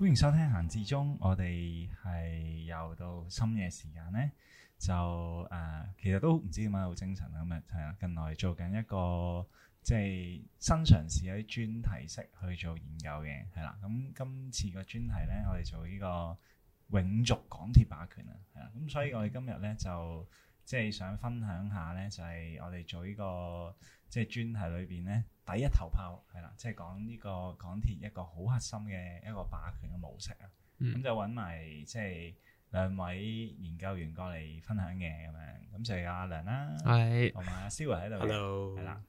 歡迎收聽閒至中，我哋係又到深夜時間咧，就誒、呃，其實都唔知點解好精神咁啊，係啦，近來做緊一個即係、就是、新嘗試喺啲專題式去做研究嘅，係啦。咁今次個專題咧，我哋做呢個永續港鐵霸權啊，係啦。咁所以我哋今日咧就即係想分享下咧、這個，就係我哋做呢個即係專題裏邊咧。第一頭炮係啦，即係講呢個港鐵一個好核心嘅一個霸權嘅模式啊。咁、嗯、就揾埋即係兩位研究員過嚟分享嘅咁樣，咁就有阿涼啦、啊，係同埋阿 Stewart 喺度 Hello 嘅，係啦 Hello。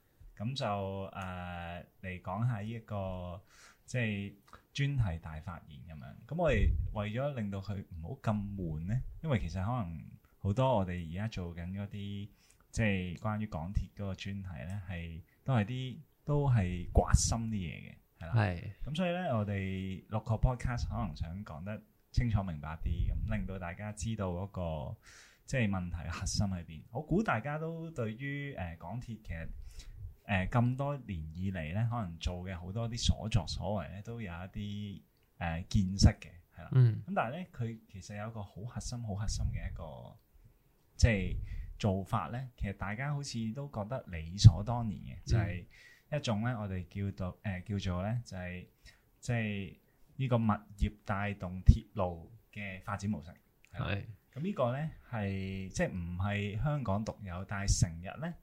咁就誒嚟、呃、講下呢、這、一個即係、就是、專題大發現咁樣。咁我哋為咗令到佢唔好咁悶咧，因為其實可能好多我哋而家做緊嗰啲即係關於港鐵嗰個專題咧，係都係啲。都係刮心啲嘢嘅，係啦。咁是的 所以咧，我哋錄個 podcast 可能想講得清楚明白啲，咁令到大家知道嗰、那個即係問題嘅核心喺邊。我估大家都對於誒、呃、港鐵其實誒咁多年以嚟咧，可能做嘅好多啲所作所為咧，都有一啲誒、呃、見識嘅，係啦。咁、嗯、但係咧，佢其實有一個好核心、好核心嘅一個即係做法咧，其實大家好似都覺得理所當然嘅，嗯、就係、是。一種咧，我哋叫做誒叫做咧，就係即係呢個物業帶動鐵路嘅發展模式。係咁呢個咧，係即係唔係香港獨有，但係成日咧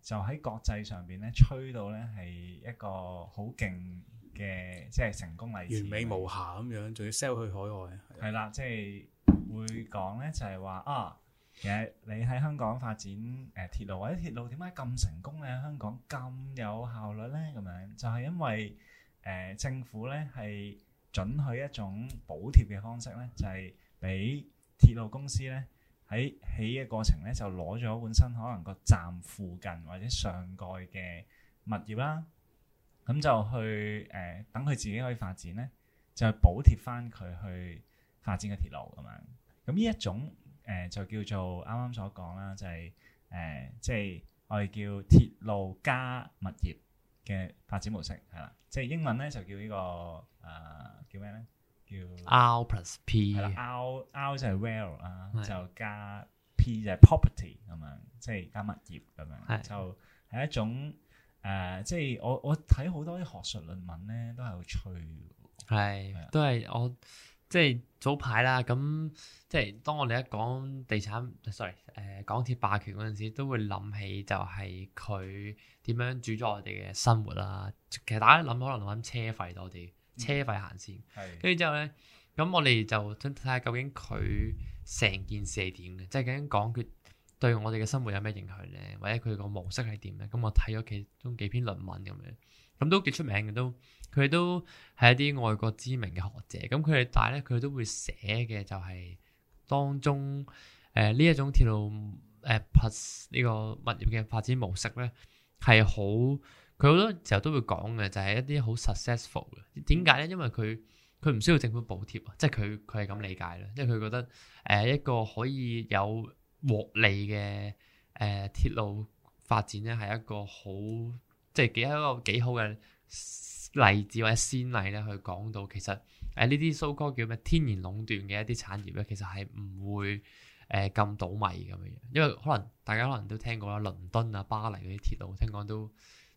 就喺國際上邊咧吹到咧係一個好勁嘅即係成功例子，完美無瑕咁樣，仲要 sell 去海外。係啦，即係會講咧就係話啊。其實你喺香港發展誒鐵路，或者鐵路點解咁成功咧？香港咁有效率咧？咁樣就係因為誒政府咧係准許一種補貼嘅方式咧，就係俾鐵路公司咧喺起嘅過程咧就攞咗本身可能個站附近或者上蓋嘅物業啦，咁就去誒等佢自己可以發展咧，就係補貼翻佢去發展嘅鐵路咁樣。咁呢一種。誒、呃、就叫做啱啱所講啦，就係誒即係我哋叫鐵路加物業嘅發展模式係啦，即係英文咧就叫呢、呢個誒叫咩咧？叫，呢叫 R plus P R R 就係 rail 啦，就加 P 就 property 咁樣，即係加物業咁樣，的就係一種誒，即係我我睇好多啲學術論文咧都係好吹，係都係我。我即係早排啦，咁即係當我哋一講地產，sorry，誒、呃、港鐵霸權嗰陣時，都會諗起就係佢點樣主宰我哋嘅生活啦、啊。其實大家諗可能諗車費多啲，車費行先。係，跟住之後咧，咁我哋就睇下究竟佢成件事係點嘅，即係究竟港鐵對我哋嘅生活有咩影響咧，或者佢個模式係點咧？咁我睇咗其中幾篇論文咁樣，咁都幾出名嘅都。佢都係一啲外國知名嘅學者，咁佢哋但係咧，佢都會寫嘅就係當中誒呢一種鐵路誒、呃、Plus 呢個物業嘅發展模式咧，係好佢好多時候都會講嘅就係一啲好 successful 嘅點解咧？因為佢佢唔需要政府補貼啊，即係佢佢係咁理解啦，即係佢覺得誒一個可以有獲利嘅誒、呃、鐵路發展咧係一個好即係幾一個幾好嘅。例子或者先例咧，去講到其實誒呢啲所謂叫咩天然壟斷嘅一啲產業咧，其實係唔會誒咁倒米咁嘅嘢，因為可能大家可能都聽過啦，倫敦啊、巴黎嗰啲鐵路，聽講都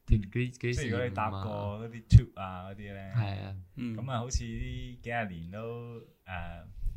鐵嗰啲搭過嗰啲 tube 啊嗰啲咧，係啊，咁啊好似呢幾廿年都誒，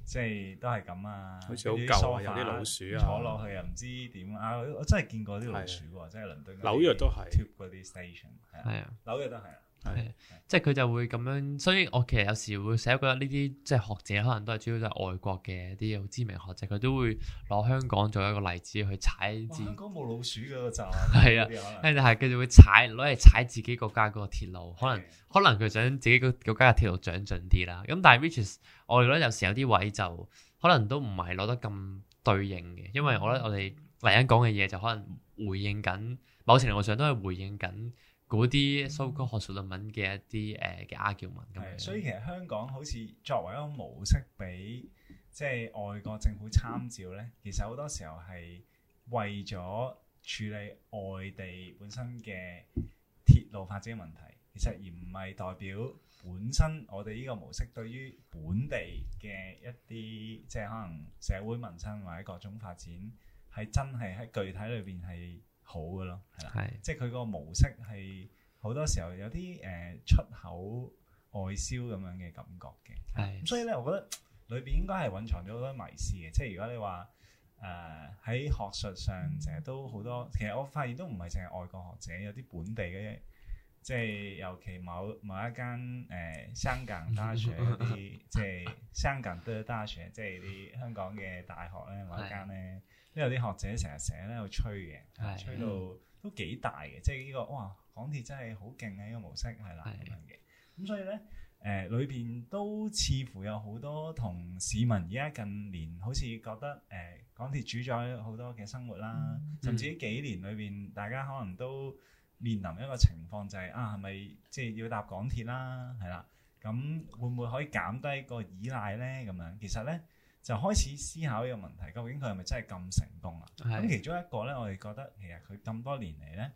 即係都係咁啊，好似好舊啊，有啲老鼠坐落去又唔知點啊，我真係見過啲老鼠喎，即係倫敦紐約都係 tube 嗰啲 station 係啊，紐約都係啊。 即係佢就會咁樣，所以我其實有時會成日覺得呢啲即係學者可能都係主要都係外國嘅啲好知名學者，佢都會攞香港做一個例子去踩。如果冇老鼠嘅個站，係 啊，跟住係佢哋會踩，攞嚟踩自己國家嗰個鐵路，可能，的可能佢想自己國家嘅鐵路長進啲啦。咁但係 Richard，我哋覺得有時有啲位就可能都唔係攞得咁對應嘅，因為我覺得我哋嚟緊講嘅嘢就可能回應緊，某程度上都係回應緊嗰啲收嗰個學術論文嘅一啲誒嘅 R 叫文咁，所以其實香港好似作為一個模式俾即係外國政府參照咧，其實好多時候係為咗處理外地本身嘅鐵路發展問題，其實而唔係代表本身我哋呢個模式對於本地嘅一啲即係可能社會民生或者各種發展係真係喺具體裏邊係。好嘅咯，係啦，即係佢個模式係好多時候有啲誒、呃、出口外銷咁樣嘅感覺嘅，係的。所以咧，我覺得裏邊應該係蘊藏咗好多迷思嘅。即係如果你話誒喺學術上成日都好多，其實我發現都唔係淨係外國學者，有啲本地嘅，即係尤其某某一間誒、呃、香港大學啲， 即係香港多大，大學，即係啲香港嘅大學咧，某一間咧。有啲學者成日寫咧喺度吹嘅，吹到的都幾大嘅，即係呢、這個哇！港鐵真係好勁嘅呢個模式，係啦，咁樣嘅。咁的所以咧，誒、呃、裏邊都似乎有好多同市民，而家近年好似覺得，誒、呃、港鐵主宰好多嘅生活啦，嗯、甚至呢幾年裏邊，大家可能都面臨一個情況、就是，就係啊係咪即係要搭港鐵啦？係啦，咁會唔會可以減低個依賴咧？咁樣其實咧。就開始思考呢個問題，究竟佢係咪真係咁成功啊？咁的其中一個咧，我哋覺得其實佢咁多年嚟咧，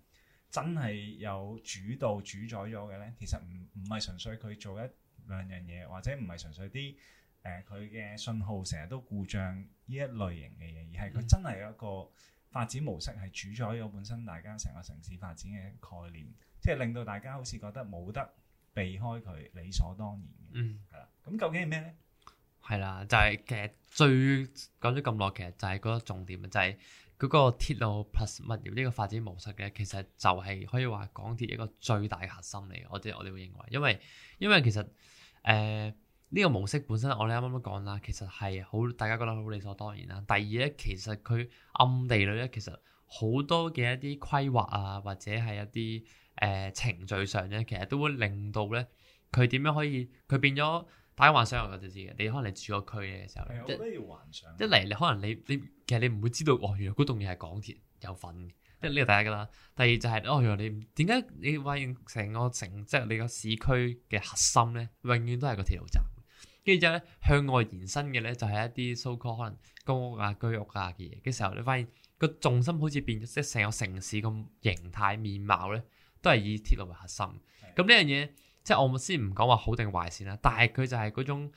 真係有主導主宰咗嘅咧。其實唔唔係純粹佢做一兩樣嘢，或者唔係純粹啲誒佢嘅信號成日都故障呢一類型嘅嘢，而係佢真係有一個發展模式係主宰咗本身大家成個城市發展嘅概念，即係令到大家好似覺得冇得避開佢，理所當然嘅。嗯，係啦。咁究竟係咩咧？係啦，就係其實最講咗咁耐，其實就係嗰個重點啊，就係、是、嗰個鐵路 plus 物業呢個發展模式嘅，其實就係可以話港鐵一個最大核心嚟。我哋我哋會認為，因為因為其實誒呢、呃這個模式本身，我哋啱啱都講啦，其實係好大家覺得好理所當然啦。第二咧，其實佢暗地裏咧，其實好多嘅一啲規劃啊，或者係一啲誒、呃、程序上咧，其實都會令到咧佢點樣可以佢變咗。大家幻想我就知嘅，你可能你住個區嘅時候，即係都要幻想。一嚟你可能你你其實你唔會知道，哦，原來嗰棟嘢係港鐵有份。即係呢個第一噶啦。第二就係、是，哦，原來你點解你發現成個城即係、就是、你個市區嘅核心咧，永遠都係個鐵路站。跟住之後咧，向外延伸嘅咧就係、是、一啲 so called 可能公屋居屋啊嘅嘢嘅時候，你發現個重心好似變咗，即係成個城市咁，形態面貌咧都係以鐵路為核心。咁呢是的 的樣嘢。即係我唔先唔講話好定壞先啦，但係佢就係嗰種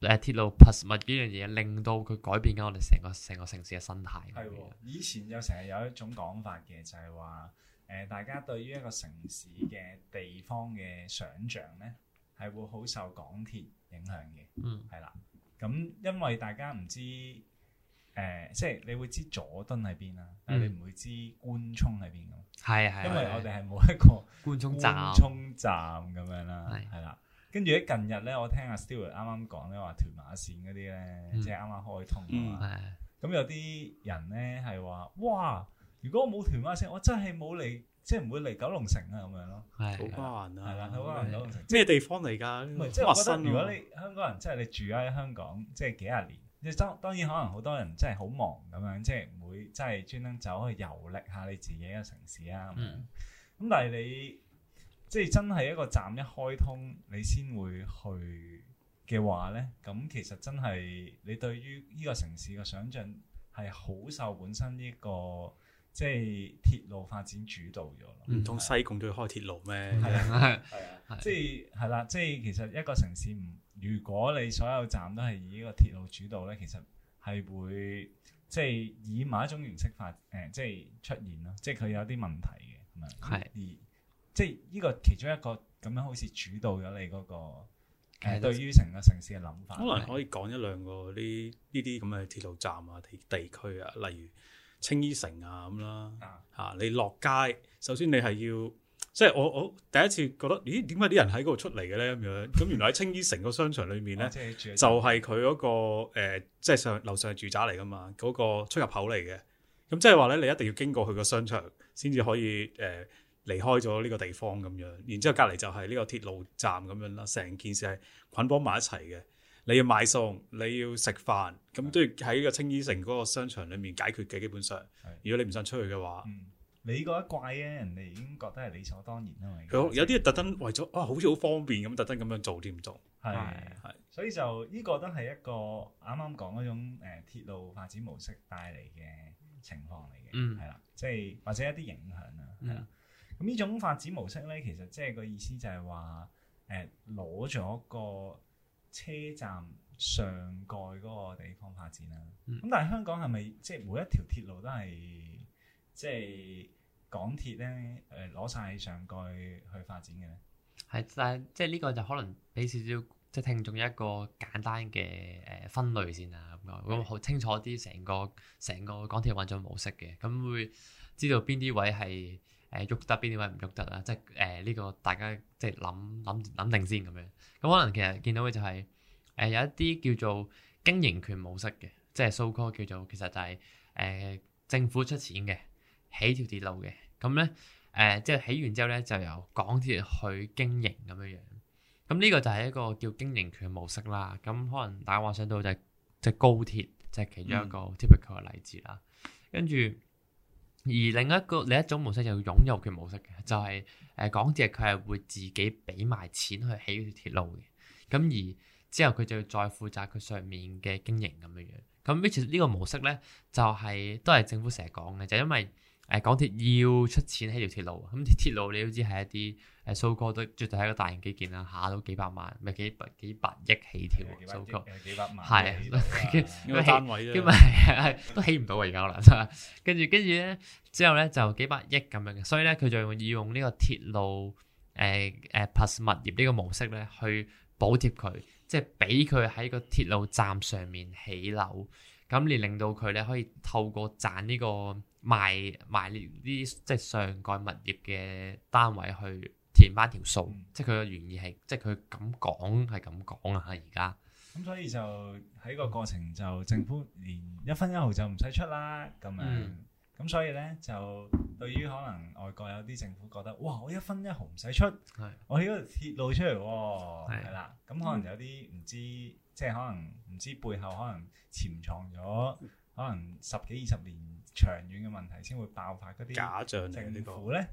誒鐵路 plus 物呢樣嘢，令到佢改變緊我哋成個成個城市嘅生態。係喎，所以，以前就成日有一種講法嘅，就係話誒，大家對於一個城市嘅地方嘅想像咧，係會好受港鐵影響嘅。嗯，係啦，咁因為大家唔知。誒、呃，即係你會知佐敦喺邊啦，但係你唔會知官涌喺邊咯。係係，因為我哋係冇一個官涌站、啊、官涌站咁樣啦，係啦是。跟住喺近日咧，我聽阿 Stewart 啱啱講咧話，屯馬線嗰啲咧，即係啱啱開通啊嘛。咁、嗯、是有啲人咧係話，哇！如果我冇屯馬線，我真係冇嚟，即係唔會嚟九龍城啊咁樣咯。好的巴人啊！係啦，好巴九龍城。咩地方嚟㗎？即係我覺得如果， 如果你香港人，即、就、係、是、你住喺香港，即係幾廿年。即係當然可能好多人真係好忙咁樣，即係唔會真係專登走去遊歷下你自己嘅城市啊咁、嗯嗯、但係你即係真係一個站一開通，你先會去嘅話呢，咁其實真係你對於呢個城市嘅想像係好受本身呢、呢個即係鐵路發展主導咗咯。唔通、嗯、嗎西貢都要開鐵路咩？係啊係啊，即係係啦，即係其實一個城市唔。如果你所有站都係以呢個鐵路主導咧，其實係會即係以某一種形式發誒即係出現咯，即係佢有啲問題嘅咁樣。係而是即係呢個其中一個咁樣，好似主導咗你嗰，那個誒、呃、對於成個城市嘅諗法。可能可以講一兩個啲呢啲咁嘅鐵路站啊地地區啊，例如青衣城啊咁啦嚇。你落街首先你係要。即係我我第一次覺得，咦？點解啲人喺嗰度出嚟嘅咧？咁樣咁，原來喺青衣城個商場裏面咧、 嗰個呃，就係佢嗰個誒，即係上樓上住宅嚟噶嘛，嗰、嗰個出入口嚟嘅。咁即係話咧，你一定要經過佢個商場，先至可以誒離、呃、開咗呢個地方咁樣。然之後隔籬就係呢個鐵路站咁樣啦，成件事係捆綁埋一齊嘅。你要買餸，你要食飯，咁都要喺個青衣城嗰個商場裏面解決嘅。基本上，的如果你唔想出去嘅話。嗯你覺得怪咧，人哋已經覺得係理所當然啦。佢有啲特登為咗啊，好似好方便咁，特登咁樣做添，做？係係。所以就呢個都係一個啱啱講嗰種誒、呃、鐵路發展模式帶嚟嘅情況嚟嘅，係啦、嗯，即係或者一啲影響啦，係啦。咁呢、嗯、種發展模式咧，其實即係個意思就係話誒攞咗個車站上蓋嗰個地方發展啦。咁、嗯、但係香港係咪即係每一條鐵路都係？即係港鐵咧，誒攞晒上蓋去發展嘅咧，係，但即係呢個就可能俾少少即係聽眾一個簡單嘅誒、呃、分類先啊，咁樣咁好清楚啲成個成個港鐵運作模式嘅，咁、嗯、會知道邊啲位係誒喐得，邊啲位唔喐得啊，即係誒呢個大家即係諗諗諗定先咁樣。咁、嗯、可能其實見到嘅就係、是、誒、呃、有一啲叫做經營權模式嘅，即係 so called 叫做其實就係、是、誒、呃、政府出錢嘅。起條鐵路嘅，咁咧誒，即係起完之後咧，就由港鐵去經營咁樣樣。咁呢個就係一個叫經營權模式啦。咁可能大家話想到就係即係高鐵，就係、是、其中一個 typical 嘅例子啦。嗯、跟住，而另一個另一種模式就係擁有權模式嘅，就係、是、誒、呃、港鐵佢係會自己俾埋錢去起條鐵路嘅。咁而之後佢就要再負責佢上面嘅經營咁樣樣。咁其實呢個模式咧，就係、是、都係政府成日講嘅，就是、因為。.誒，港鐵要出錢起條鐵路，咁啲鐵路你都知係一啲誒，蘇哥都絕對係一個大型基建啦，下都幾百萬，咪係幾百幾百億起條蘇哥，係幾百萬，係因為因為都起唔到而家啦，係嘛？ 跟住跟住咧，之後咧就幾百億咁樣嘅，所以咧佢就要用呢個鐵路誒誒 Plus 物業呢個模式咧，去補貼佢，即係俾佢喺個鐵路站上面起樓。咁你令到佢咧可以透過賺呢個賣賣呢啲即係上蓋物業嘅單位去填翻條數，嗯即，即係佢嘅原意係，即係佢咁講係咁講啊！而家咁所以就喺個過程就政府連一分一毫就唔使出啦，咁樣咁所以咧就對於可能外國有啲政府覺得哇，我一分一毫唔使出，係，我起個鐵路出嚟喎，係啦，咁可能有啲唔知。嗯。即係可能唔知背後可能潛藏咗可能十幾二十年長遠嘅問題，先會爆發嗰啲假象政府咧，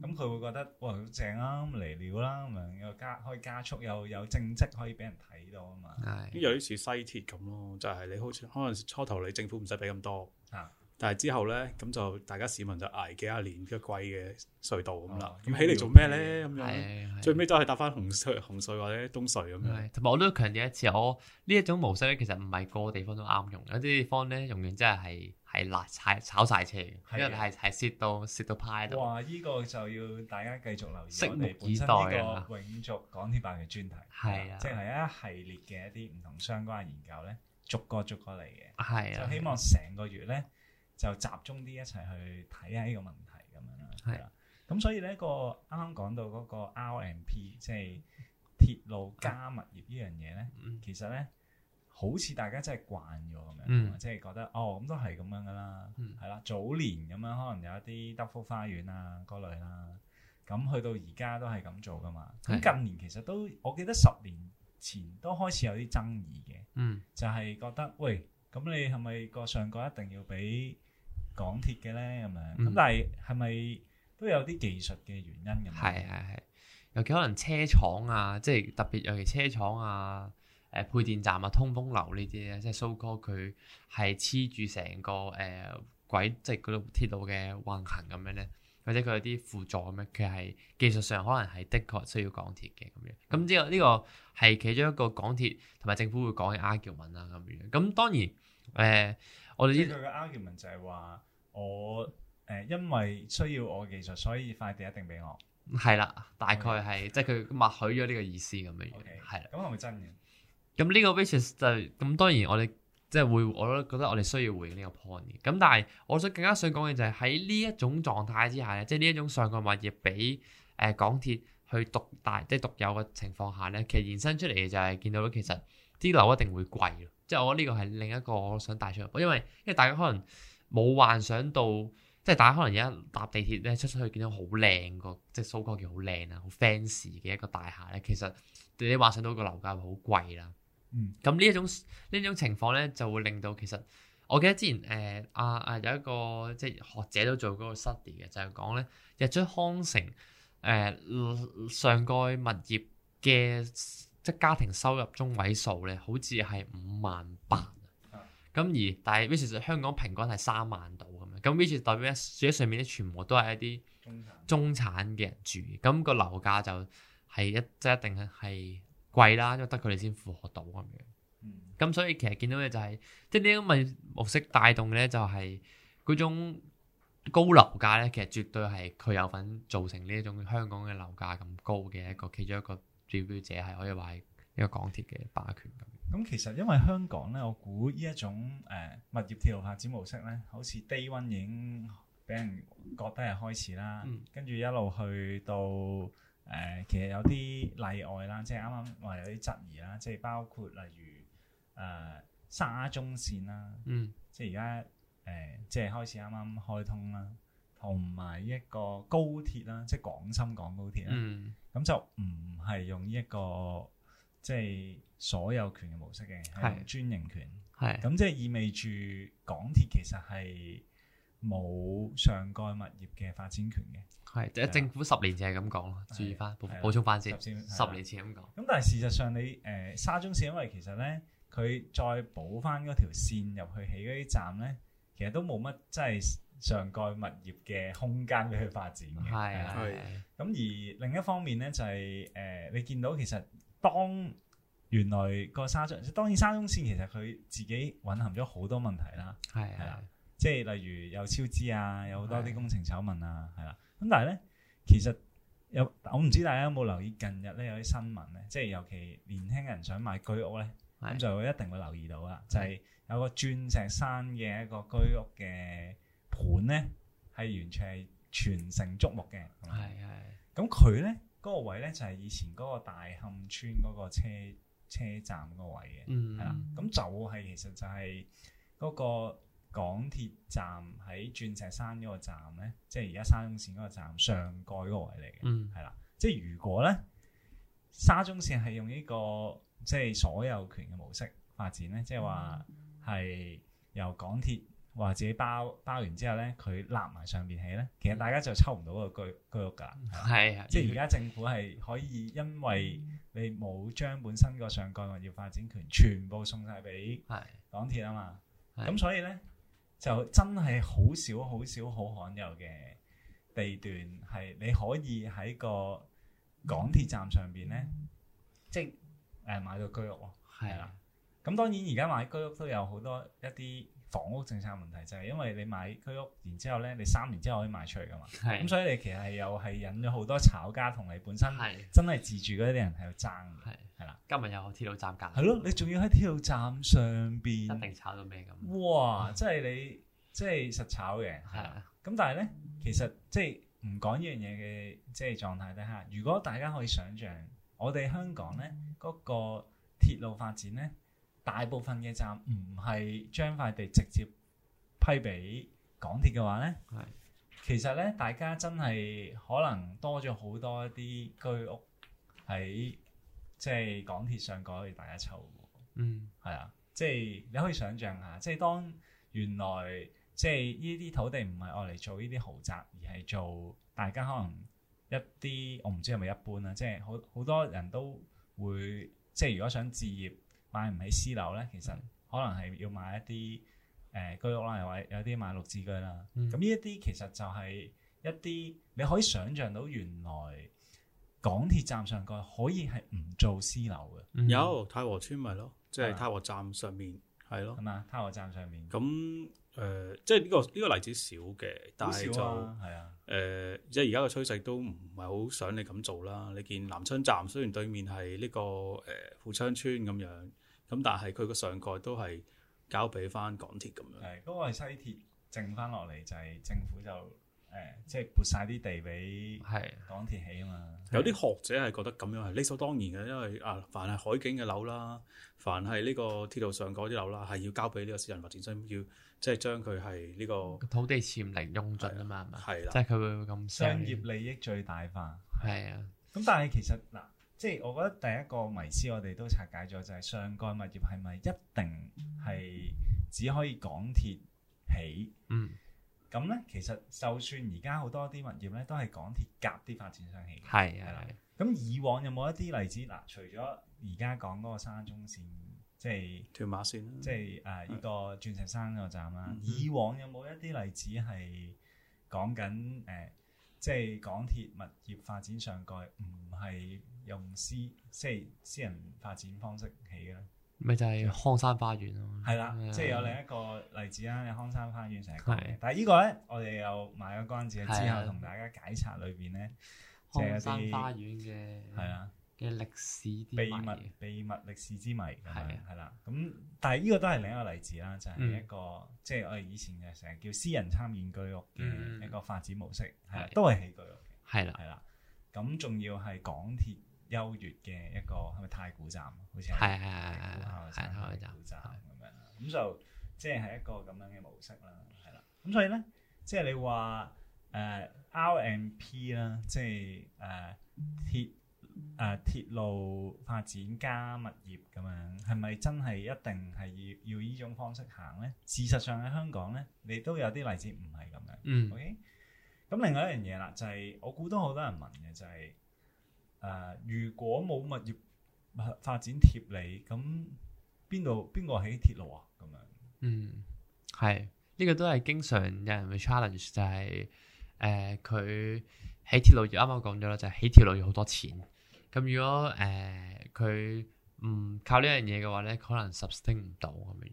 咁佢、這個嗯、會覺得哇，好正啊，嚟料啦咁樣又加可以加速又有，有政績可以俾人睇到啊嘛，都的有啲似西鐵咁咯，就係、是、你好似可能初頭你政府唔使俾咁多啊。但係之後咧，咁就大家市民就捱幾廿年嘅貴嘅隧道咁啦。咁起嚟做咩咧？咁樣最尾都係搭翻紅隧、紅隧或者東隧咁樣。同埋我都強調一次，我呢一種模式咧，其實唔係個個地方都啱用。有啲地方咧，用完真係係係攔踩炒晒車，因為係係蝕到蝕到派。喺哇！呢個就要大家繼續留意我哋本身嘅永續港鐵辦嘅專題，即係一系列嘅一啲唔同相關嘅研究咧，逐個逐個嚟嘅。係啊，希望成個月咧。就集中啲一齊去睇下呢個問題咁樣啦。係啦，咁的所以咧個啱啱講到嗰個 RMP，即係鐵路加物業呢樣嘢咧，嗯、其實咧好似大家真係慣咗咁樣，嗯、即係覺得哦，咁都係咁樣噶啦。係啦、嗯，早年咁樣可能有一啲德福花園啊嗰類啦，咁去到而家都係咁做噶嘛。咁、嗯、近年其實都我記得十年前都開始有啲爭議嘅，嗯，就係覺得喂，咁你係咪個上個一定要俾？港鐵嘅咧咁樣，咁但係係咪都有啲技術嘅原因咁？係係係，尤其可能車廠啊，即係特別尤其車廠啊，誒配電站啊、通風樓呢啲咧，即係 so call 佢係黐住成個誒、呃、軌，即係嗰度鐵路嘅運行咁樣咧，或者佢有啲輔助咁樣，佢係技術上可能係的確需要港鐵嘅咁樣。咁之後呢個係其中一個港鐵同埋政府會講嘅 argument 啦咁樣。咁當然誒、呃，我哋呢個 argument 就係話。我誒、呃，因為需要我技術，所以塊地一定俾我。係啦，大概係 Okay. 即係佢默許咗呢個意思咁嘅 Okay. 的樣是是，係啦、就是。咁係咪真嘅？咁呢個 basis 就咁，當然我哋即係會我都覺得我哋需要回應呢個 point。咁但係，我想更加想講嘅就係喺呢一種狀態之下咧，即係呢一種上蓋物業俾誒、呃、港鐵去獨大即係獨有嘅情況下咧，其實延伸出嚟就係見到其實啲樓一定會貴即係、就是、我呢個係另一個我想帶出嚟，因為因為大家可能。冇幻想到，即係大家可能而家搭地鐵咧，出出去見到好靚個， 即係蘇哥叫好靚啊，好 fancy 嘅一個大廈咧，其實你幻想到個樓價會好貴啦。嗯，咁呢一種呢種情況咧，就會令到其實，我記得之前誒阿阿有一個即係學者都做嗰個 study 嘅，就係講咧，日出康城誒、呃、上蓋物業嘅即係家庭收入中位數咧，好似係五萬八。咁而但係 which is，香港平均係三萬到咁樣，咁 which 代表咧，上面咧，全部都係一啲中產嘅人住，咁產個樓價就係一即、就係、一定係貴啦，因為得佢哋先符合到咁樣。咁、嗯、所以其實見到嘅就係即係呢種物模式帶動咧，就係嗰種高樓價咧，其實絕對係佢有份造成呢一種香港嘅樓價咁高嘅一個其中一個表表者，係可以話係一個港鐵嘅霸權咁。咁其實因為香港咧，我估呢一種誒、呃、物業鐵路發展模式咧，好似 day one 已經俾人覺得係開始啦，跟住、嗯、一路去到誒、呃，其實有啲例外啦，即係啱啱話有啲質疑啦，即係包括例如誒、呃、沙中線啦，嗯，即係而家誒即係開始啱啱開通啦，同埋一個高鐵啦，即係廣深港高鐵啦，咁、嗯、就唔係用一、呢個。即係所有權嘅模式嘅，係專營權。係咁的，即係意味住港鐵其實係冇上蓋物業嘅發展權嘅。係的，即係的政府十年前係咁講咯。的注意翻補充翻先，十的年前係咁講。咁的但係事實上你，你、呃、誒沙中線，因為其實咧，佢再補翻嗰條線入去起嗰啲站咧，其實都冇乜真係上蓋物業嘅空間去發展嘅。係。咁而另一方面咧，就係誒你見到其實。呃呃呃呃呃當原來個沙中，當然沙中綫其實佢自己蘊含咗好多問題啦，係啦，即係例如有超支啊，有好多啲工程醜聞啊，係啦。咁但係咧，其實有我唔知大家有冇留意近日咧，有啲新聞咧，即係尤其年輕人想買居屋咧，咁就會一定會留意到啦，就係有個鑽石山嘅一個居屋嘅盤咧，係完全係全城矚目嘅，係係，咁佢咧。嗰個位咧就係、是、以前嗰個大磡村嗰個車，車站嗰個位嘅，係啦、嗯。咁就係其實就係嗰個港鐵站喺鑽石山嗰個站咧，即係而家沙中線嗰個站上蓋嗰個位嚟嘅，係啦、嗯。即係如果咧沙中線係用呢、這個即係、就是、所有權嘅模式發展咧，即係話係由港鐵。話自己包包完之後呢，佢立埋上面起呢，其實大家就抽唔到個居居屋㗎。係啊，即係的而家政府係可以因為你冇將本身個上蓋物業發展權全部送晒俾港鐵啊嘛。咁所以呢，就真係好少好少好罕有嘅地段係你可以喺個港鐵站上邊呢，即係的買到居屋。係啦。咁的當然而家買居屋都有好多一啲房屋政策問題就係因為你買居屋，然之後咧，你三年之後可以賣出去噶嘛？咁的所以你其實係又係引咗好多炒家同你本身真係自住嗰啲人喺度爭嘅，係啦的。的今日有個鐵路站喺隔離。係咯，你仲要喺鐵路站上邊肯定炒到咩咁？嗯、哇！即係你即係實炒嘅，係啊的。咁的但係咧，嗯、其實即係唔講呢樣嘢嘅即係狀態底下，如果大家可以想象，我哋香港咧嗰、嗯、個鐵路發展咧，大部分嘅站唔係將塊地直接批俾港鐵嘅話咧，係是的 其實咧，大家真係可能多咗好多一啲居屋喺即係港鐵上蓋，可以大家抽喎。嗯，係啊，即係你可以想象下，即係當原來即係呢啲土地唔係用嚟做呢啲豪宅，而係做大家可能一啲我唔知係咪一般啊，即係好好多人都會即係如果想置業，買唔起私樓咧，其實可能係要買一啲誒居屋啦，又、呃、或有啲買綠置居啦。咁呢一啲其實就係一啲你可以想象到，原來港鐵站上蓋可以係唔做私樓嘅。有太和村咪咯，即係太和站上面係吧咯，係咪啊？太和站上面咁誒、呃，即係、呢個、呢個呢、呢個例子少嘅，但係就係啊。誒、呃，即係而家個趨勢都唔係好想你咁做啦。你見南昌站雖然對面係呢、這個誒富、呃、昌村咁樣，咁但係佢個上蓋都係交俾翻港鐵咁樣。係，不過係西鐵剩翻落嚟就係政府就誒，即、呃、係、就是、撥晒啲地俾港鐵起啊嘛。是是有啲學者係覺得咁樣係理所當然嘅，因為啊，凡係海景嘅樓啦，凡係呢個鐵路上蓋啲樓啦，係要交俾呢個私人發展商要。即係將佢係呢個土地潛力用盡啊嘛，係啦的，的即係佢會咁商業利益最大化。係啊的，咁的但係其實嗱，即係、就是、我覺得第一個迷思我哋都拆解咗，就係上蓋物業係咪一定係只可以港鐵起？嗯，咁咧其實就算而家好多啲物業咧，都係港鐵夾啲發展商起。係係啦，咁的的以往有冇一啲例子？嗱，除咗而家講嗰個山中線。即係屯馬線啦，即係誒呢個鑽石山個站啦。嗯、哼以往有冇一啲例子係講緊誒、呃，即係港鐵物業發展上蓋唔係用私即係私人發展方式起嘅咧？咪就係康山花園嘛？係啦的，的即係有另一個例子啦。康山花園成日講，的但係呢個咧，我哋又買咗關子的之後，同大家解拆裏邊咧康山花園嘅係啊。嘅歷史秘密、秘密歷史之謎咁樣，係啦。咁但係呢個都係另一個例子啦，就係一個即係我哋以前嘅成日叫私人參建居屋嘅一個發展模式，係都係起居屋嘅，係啦，係啦。咁仲要係港鐵優越嘅一個係咪太古站？好似係係係係係太古站咁樣。咁就即係係一個咁樣嘅模式啦，係啦。咁所以咧，即係你話誒 R+P 啦，即係誒鐵。誒，鐵、啊、路發展加物業咁樣，係咪真係一定係要要呢種方式行咧？事實上喺香港咧，你都有啲例子唔係咁樣。嗯，OK。咁另外一樣嘢啦，就係、是、我估到好多人問嘅，就係、是、誒、啊，如果冇物業發展貼你，咁邊度邊個起鐵路啊？咁樣。嗯，係呢、這個都係經常有人會 challenge，就係誒，佢喺鐵路又啱啱講咗啦，就係、是呃、起鐵路要好、就是、多錢。咁如果誒佢唔靠呢樣嘢嘅話咧，可能 sustain 唔到咁樣。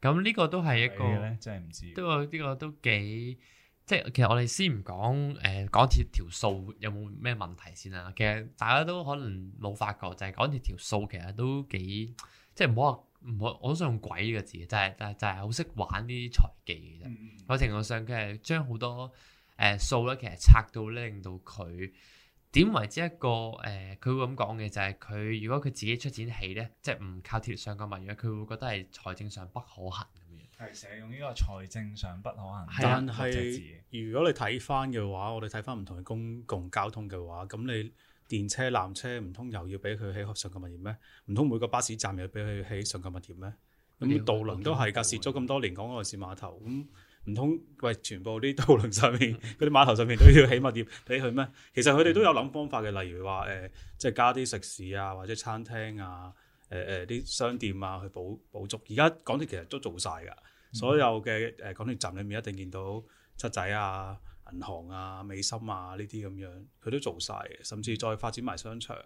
咁呢個都係一個，真係唔知。都話呢、這個都幾，即係其實我哋先唔講誒港鐵條數有冇咩問題先啦。其實大家都可能冇發覺，就係港鐵條數其實都幾，即係唔好話唔好，我都想用鬼呢個字，就係、是、就係就係好識玩呢啲財技嘅。某程度上佢係將好多誒數咧，呃、其實拆到咧令到佢。點為之一個誒？佢、呃、會咁講嘅就係佢，如果佢自己出錢起咧，即係唔靠鐵上嘅物業，佢會覺得係財政上不可行咁樣。係，使用呢個財政上不可行但是。但係如果你睇返嘅話，我哋睇返唔同嘅公共交通嘅話，咁你電車、纜車唔通又要俾佢起上蓋物業咩？唔通每個巴士站又要俾佢起上蓋物業咩？咁渡輪都係噶，蝕咗咁多年港外事碼頭。嗯嗯嗯嗯嗯嗯嗯。唔通喂，全部啲道路上面、嗰啲 碼頭上面都要起物業俾佢咩？其實佢哋都有諗方法嘅，例如話誒、呃，即係加啲食肆啊，或者餐廳啊，誒誒啲商店啊，去補補足。而家港鐵其實都做晒㗎，嗯、所有嘅誒港鐵站裏面一定見到七仔啊、銀行啊、美心啊呢啲咁樣，佢都做晒，甚至再發展埋商場，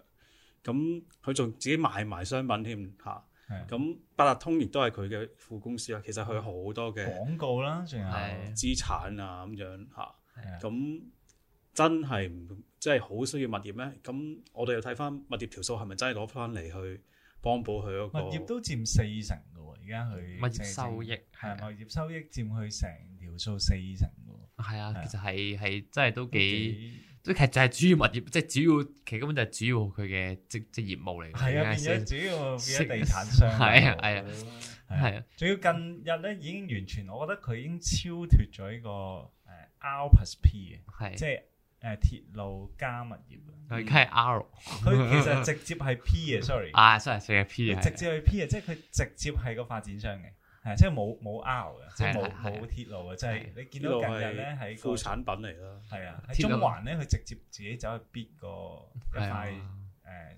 咁佢仲自己賣埋商品添嚇。啊。咁八達通亦都係佢嘅副公司啦，其實佢好多嘅廣告啦，仲有資產啊咁的樣嚇。咁的、嗯、真係唔即係好需要物業咩？咁我哋又睇翻物業條數係咪真係攞翻嚟去幫補佢嗰個？物業都佔四成嘅喎，而家佢物業收益係啊，物業收益佔去成條數四成嘅喎。係啊，其實係係真係都幾。即係就係主要物業，即係主要，其實根本就係主要佢嘅即即業務嚟嘅。係啊，變咗主要變地產商。係啊，係啊，係啊。仲要近日咧，已經完全，我覺得佢已經超脱咗呢個誒，R+P 嘅，即係誒鐵路加物業。佢而家係 R，佢其實直接係 P 嘅，sorry。啊，sorry，直接 P 嘅。直接係 P 嘅，即係佢直接係個發展商嘅。係，即係冇冇 out 嘅，即係冇冇鐵路嘅，即係你見到近日咧係副產品嚟咯，係啊，喺中環咧佢直接自己走去 bid 個一塊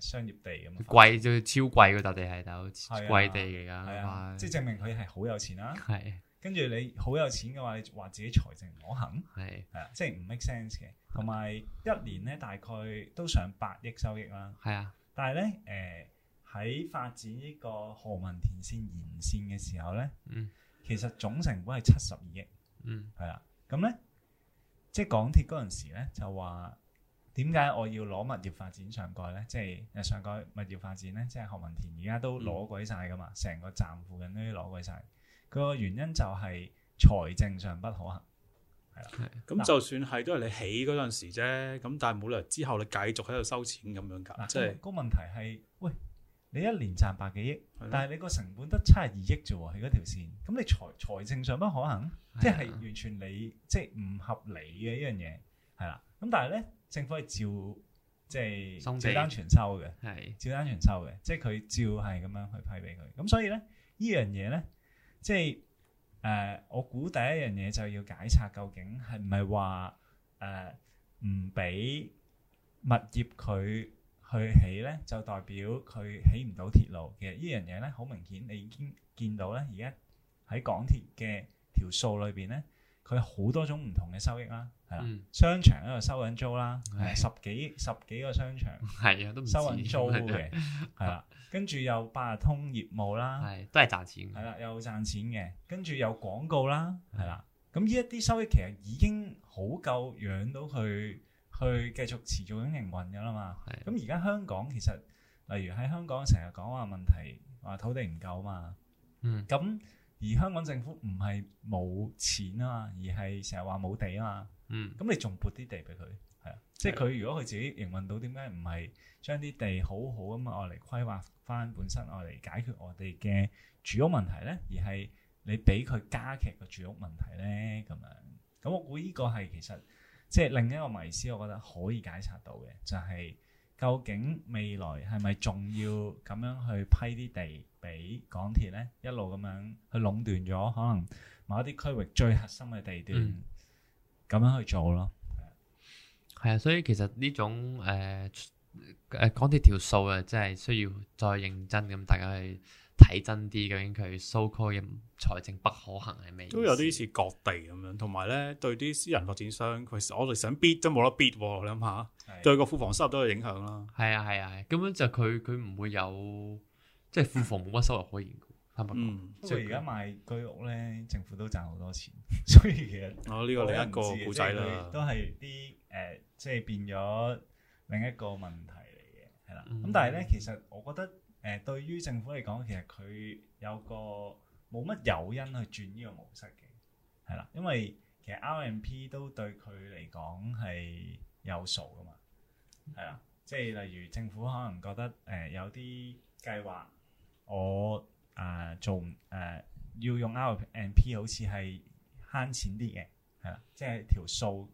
誒商業地咁啊，貴就超貴嗰笪地係，但係好似貴地嚟㗎，即係證明佢係好有錢啦。係，跟住你好有錢嘅話，你話自己財政可行，係係啊，即係唔 make sense 嘅。同埋一年咧大概都上百億收益啦。係啊，但係咧誒。喺發展呢個何文田線延線嘅時候咧，嗯、其實總成本係七十二億，係啊、嗯，咁咧即係港鐵嗰陣時咧就話點解我要攞物業發展上蓋咧？即、就、係、是、上蓋物業發展咧，即係何文田而家都攞鬼晒噶嘛，成、嗯、個站附近都攞鬼晒。個原因就係財政上不可行，係啦。咁、嗯、的就算係都係你起嗰陣時啫，咁但係冇理由之後你繼續喺度收錢咁樣㗎，即係個問題係。就是你一年賺百幾億，的但係你個成本得七十二億啫喎，你嗰條線，咁你財財政上乜可能？即係的完全你即係唔合理嘅一樣嘢，係啦。咁但係咧，政府係照即係、就是、費照單全收嘅，係的照單全收嘅，即係佢照係咁樣去批俾佢。咁所以咧，樣呢樣嘢咧，即係誒，我估第一樣嘢就要解拆，究竟係唔係話誒唔俾物業佢？佢起咧就代表佢起唔到鐵路嘅呢樣嘢咧，好明顯你已經見到咧。而家喺港鐵嘅條數裏邊咧，佢好多種唔同嘅收益啦，係啦，嗯、商場喺度收緊租啦，係、嗯、十幾十幾個商場，係啊都收緊租嘅，係 啦，跟住又八達通業務啦，係都係賺錢，係啦，又賺錢嘅，跟住有廣告啦，係、嗯、啦，咁呢一啲收益其實已經好夠養到佢。去繼續持續咁營運噶啦嘛，咁而家香港其實，例如喺香港成日講話問題，話土地唔夠啊嘛，咁、嗯、而香港政府唔係冇錢啊嘛，而係成日話冇地啊嘛，咁、嗯、你仲撥啲地俾佢，係啊，是的 即係佢如果佢自己營運到，點解唔係將啲地好好咁嚟規劃翻本身，嚟解決我哋嘅住屋問題咧，而係你俾佢加劇個住屋問題咧，咁樣，咁我估呢個係其實。即係另一個迷思，我覺得可以解拆到嘅，就係、是、究竟未來係咪仲要咁樣去批啲地俾港鐵呢？一路咁樣去壟斷咗，可能某一啲區域最核心嘅地段咁、嗯、樣去做咯。係啊，所以其實呢種誒誒、呃呃、港鐵條數啊，真係需要再認真咁大家去。睇真啲，究竟佢 so call 嘅財政不可行係咩？都有啲似各地咁樣，同埋咧對啲私人發展商，佢我哋想 bid 都冇得 bid 喎、哦，你諗下，是的 對個庫房收入都有影響啦。係啊係啊係，咁樣就佢佢唔會有即係、就是、庫房冇乜收入可言嘅，係咪、啊？嗯，因為而家賣居屋咧，政府都賺好多錢， 所以其現實、啊這個、我呢個另一個故仔啦，都係啲誒，即、呃、係、就是、變咗另一個問題嚟嘅，係啦。咁但係咧，其實我覺得。誒、呃、對於政府嚟講，其實佢有個冇乜誘因去轉呢個模式嘅，係啦，因為其實 RMP 都對佢嚟講係有數噶嘛，係啊，即係例如政府可能覺得誒、呃、有啲計劃，我、呃、啊做誒、呃、要用 RMP 好似係慳錢啲嘅，係啦，即係條數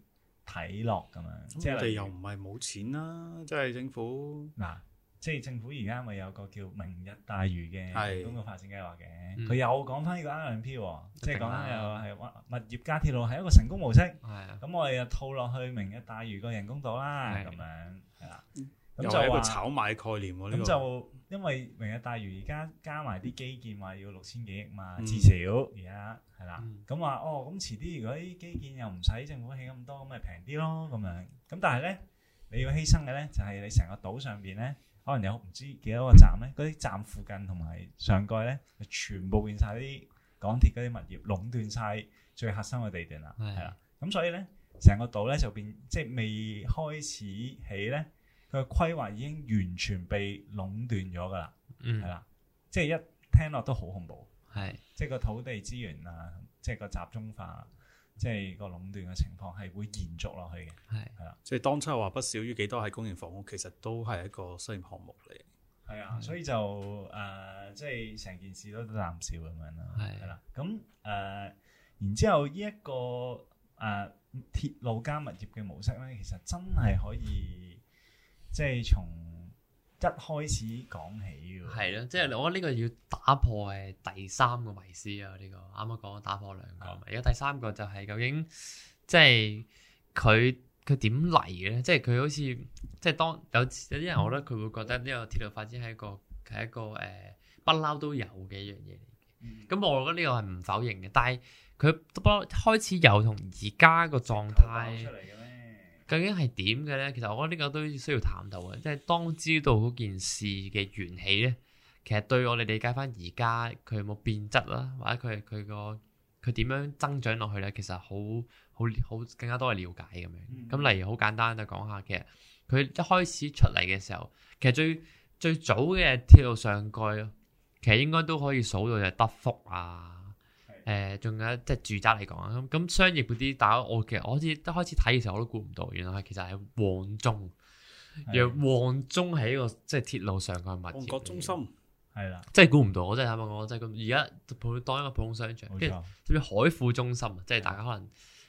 睇落咁樣，即係又唔係冇錢啦，即係政府嗱。啊即係政府而家咪有個叫明日大嶼嘅人工嘅發展計劃嘅，佢、嗯、又講翻呢個 RMP、啊、即係講又係物業加鐵路係一個成功模式。咁、啊、我哋又套落去明日大嶼個人工島啦，咁是樣係啦。咁、啊、就話炒賣概念喎、啊，咁、這個、就因為明日大嶼而家加埋啲基建話要六千幾億嘛，至少而家係啦。咁話哦，咁遲啲如果啲基建又唔使政府起咁多，咁咪平啲咯咁樣。咁但係咧，你要犧牲嘅咧就係、是、你成個島上邊咧。就是可能有唔知幾多個站咧，嗰啲站附近同埋上蓋咧，就全部變晒啲港鐵嗰啲物業，壟斷晒最核心嘅地段啦，係啦是的。咁所以咧，成個島咧就變，即係未開始起咧，佢嘅規劃已經完全被壟斷咗噶啦，係啦、嗯。即係一聽落都好恐怖，係是的 即係個土地資源啊，即係個集中化。即係個壟斷嘅情況係會延續落去嘅，係係啦。即係的當初話不少於幾多係公營房屋，其實都係一個商業項目嚟。係啊，所以就誒，即係成件事都都淡笑咁樣啦。係係啦。咁誒、呃，然之後呢、這、一個誒鐵、呃、路加物業嘅模式咧，其實真係可以 即係從。一開始講起㗎，係咯，即係我覺得呢個要打破係第三個迷思啊！呢、呢個啱啱講打破兩個，的而家第三個就係究竟即係佢佢點嚟嘅咧？即係佢好似即係當有有啲人，我覺得佢會覺得呢個鐵路發展係一個係一個誒不嬲都有嘅一樣嘢。嚟嘅、嗯。咁我覺得呢個係唔否認嘅，但係佢不開始由同而家個狀態。究竟係點嘅咧？其實我覺得呢個都需要探討嘅，即係當知道嗰件事嘅緣起咧，其實對我哋理解翻而家佢有冇變質啦，或者佢佢個佢點樣增長落去咧，其實好好好更加多係了解咁樣。咁、嗯、例如好簡單就講下，其實佢一開始出嚟嘅時候，其實最最早嘅鐵路上蓋，其實應該都可以數到就係德福啊。誒，仲、呃、有即係住宅嚟講啊，咁咁商業嗰啲，大家我其實我好似一開始睇嘅時候，我都估唔到，原來係其實係旺中，若旺的中喺呢個即係鐵路上嘅物，旺角中心係啦，真係估唔到，我真係坦白講，我真係咁。而家普當一個普通商場，甚至錯海富中心，即係大家可能誒、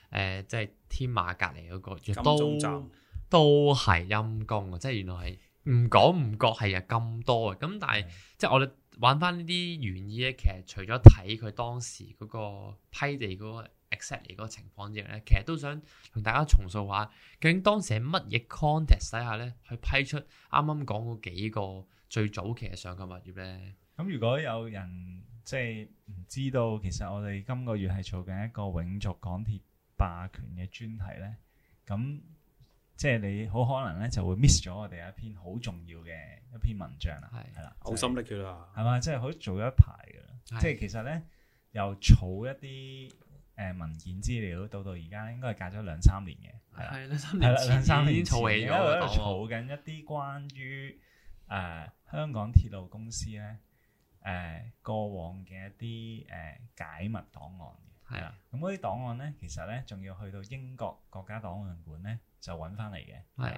呃，即係天馬隔離嗰個，都中都係陰公啊！即係原來係唔講唔覺係啊咁多啊，咁但係即係我哋。的玩翻呢啲原意咧，其實除咗睇佢當時嗰個批地嗰個 accept 嗰個情況之外咧，其實都想同大家重述下，究竟當時喺乜嘢 context 底下咧，去批出啱啱講嗰幾個最早期嘅上蓋物業咧？咁如果有人即係唔知道，其實我哋今個月係做緊一個永續港鐵霸權嘅專題咧，咁。即係你好可能咧就會 miss 咗我哋一篇好重要嘅一篇文章啦，係啦是，好心力嘅啦，係嘛、就是？即係好做咗一排嘅啦，是即係其實咧又儲一啲誒文件資料，到到而家應該係隔咗兩三年嘅，係兩吧三年，係兩三年前，我喺度儲緊一啲關於誒、呃、香港鐵路公司咧誒、呃、過往嘅一啲誒、呃、解密檔案。係啦，咁嗰啲檔案咧，其實咧仲要去到英國國家檔案館咧，就揾翻嚟嘅。係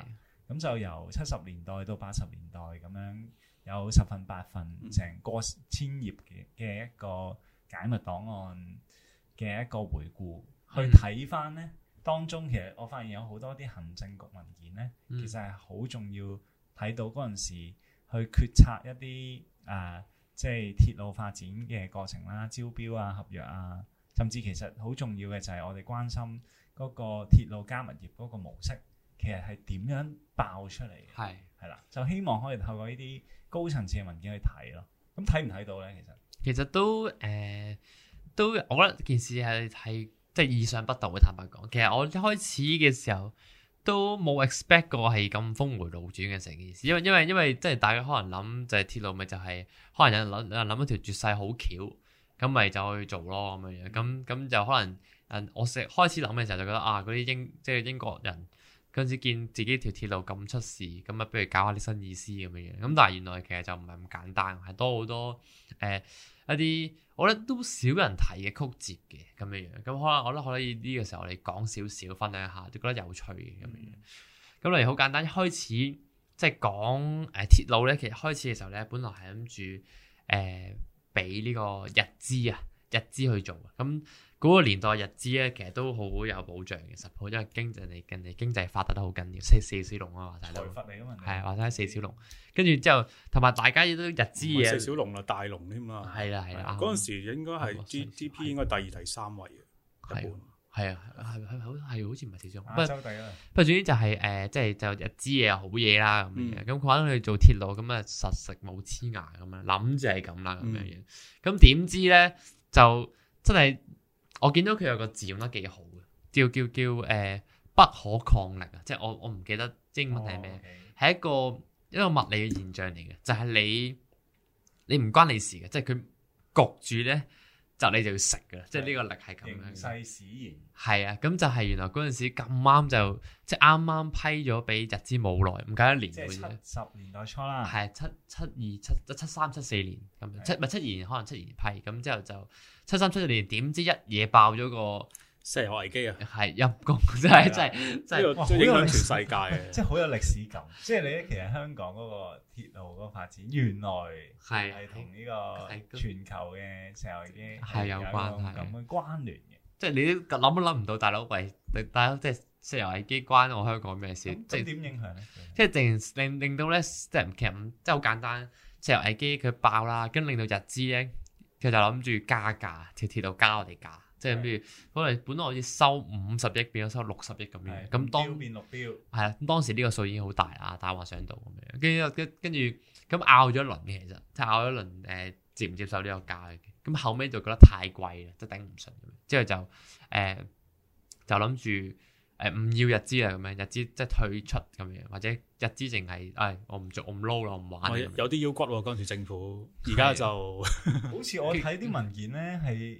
咁的就由七十年代到八十年代咁樣，有十份、八份成過千頁嘅嘅一個解密檔案嘅一個回顧，的去睇翻咧當中其實我發現有好多啲行政局文件咧，嗯、其實係好重要睇到嗰陣時去決策一啲誒、呃，即係鐵路發展嘅過程啦、招標啊、合約啊。甚至其實好重要嘅就係我哋關心嗰個鐵路加物業嗰個模式，其實係點樣爆出嚟？係係啦，就希望可以透過呢啲高層次嘅文件去睇咯。咁睇唔睇到咧？其實看看其實都誒、呃、都，我覺得件事係係即係意想不到嘅。坦白講，其實我一開始嘅時候都冇 expect 過係咁峰迴路轉嘅成件事，因為因為因為即係大家可能諗就係鐵路咪就係、是、可能有人諗有人諗一條絕世好橋。咁咪就去做咯咁樣樣，咁咁就可能誒、嗯，我成開始諗嘅時候就覺得啊，嗰啲英即係、就是、英國人嗰陣時見自己條鐵路咁出事，咁啊不如搞下啲新意思咁樣樣。咁但係原來其實就唔係咁簡單，係多好多誒一啲，我覺得都少人提嘅曲折嘅咁樣樣。咁、嗯、可能我覺得可以呢個時候我哋講少少，分享一下都覺得有趣嘅咁樣樣。咁嚟好簡單，一開始即係講誒鐵路咧。其實開始嘅時候咧，本來係諗住誒。呃俾呢個日資啊，日資去做啊，咁嗰個年代日資咧，其實都好有保障嘅，實，因為經濟你跟，你經濟發達得好緊要，四四小龍啊，話晒都，係啊，話晒四小龍，跟住之後，同埋大家亦都日資嘢，四小龍啊，大龍添啊，係啦係啦，嗰陣時應該係 GDP 應該第二第三位嘅，係的。般係啊，係係好係好似唔係四張，亞不過，總之就係、是、誒，即、呃、係就一支嘢好嘢啦咁樣。咁佢玩佢去做鐵路，咁啊實實食冇黐牙咁樣，諗住係咁啦咁樣嘢。咁點、嗯、知咧，就真係我見到佢有個字用得幾好嘅，叫叫叫誒、呃、不可抗力啊！即、就、係、是、我我唔記得英文係咩，係、哦 okay、一個一個物理嘅現象嚟嘅，就係、是、你你唔關你事嘅，即係佢焗住咧。就你就要食噶啦，對即係呢個力係咁樣。形勢使然。係啊，咁就係原來嗰陣時咁啱就，即係啱啱批咗俾日資冇耐，唔夠一年嗰啲。七十年代初啦。係七七二七七三七四年咁，七唔係七二年，可能七二年批，咁之後就七三七四年點知一嘢爆咗個。石油危機啊，係陰公，真係真係真係影響全世界嘅，即係好有歷史感。即係你其實香港嗰個鐵路嗰個發展，原來係同呢個全球嘅石油危機係有關係咁嘅關聯嘅。即係你諗都諗唔到，大佬喂，大佬即係石油危機關我香港咩事？即係點影響咧？即係令令令到咧，即係唔劇即係好簡單。石油危機佢爆啦，跟住令到日資咧，佢就諗住加價，鐵鐵路加我哋價。即係跟住本來本來我要收五十億，變咗收六十億咁樣。咁的當標變六標，係啦。當時呢個數已經好大啊，大話還上到咁樣。跟住跟住咁拗咗一輪嘅，其實即係拗咗一輪誒接唔接受呢個價嘅。咁後尾就覺得太貴啦，即係頂唔順。之後就誒、呃、就諗住誒唔要日資啦，咁樣日資即係、就是、退出咁樣，或者日資淨係誒我唔做，我唔撈啦，我唔玩。玩有啲腰骨喎、啊，嗰陣時政府而家就的 好似我睇啲文件咧係。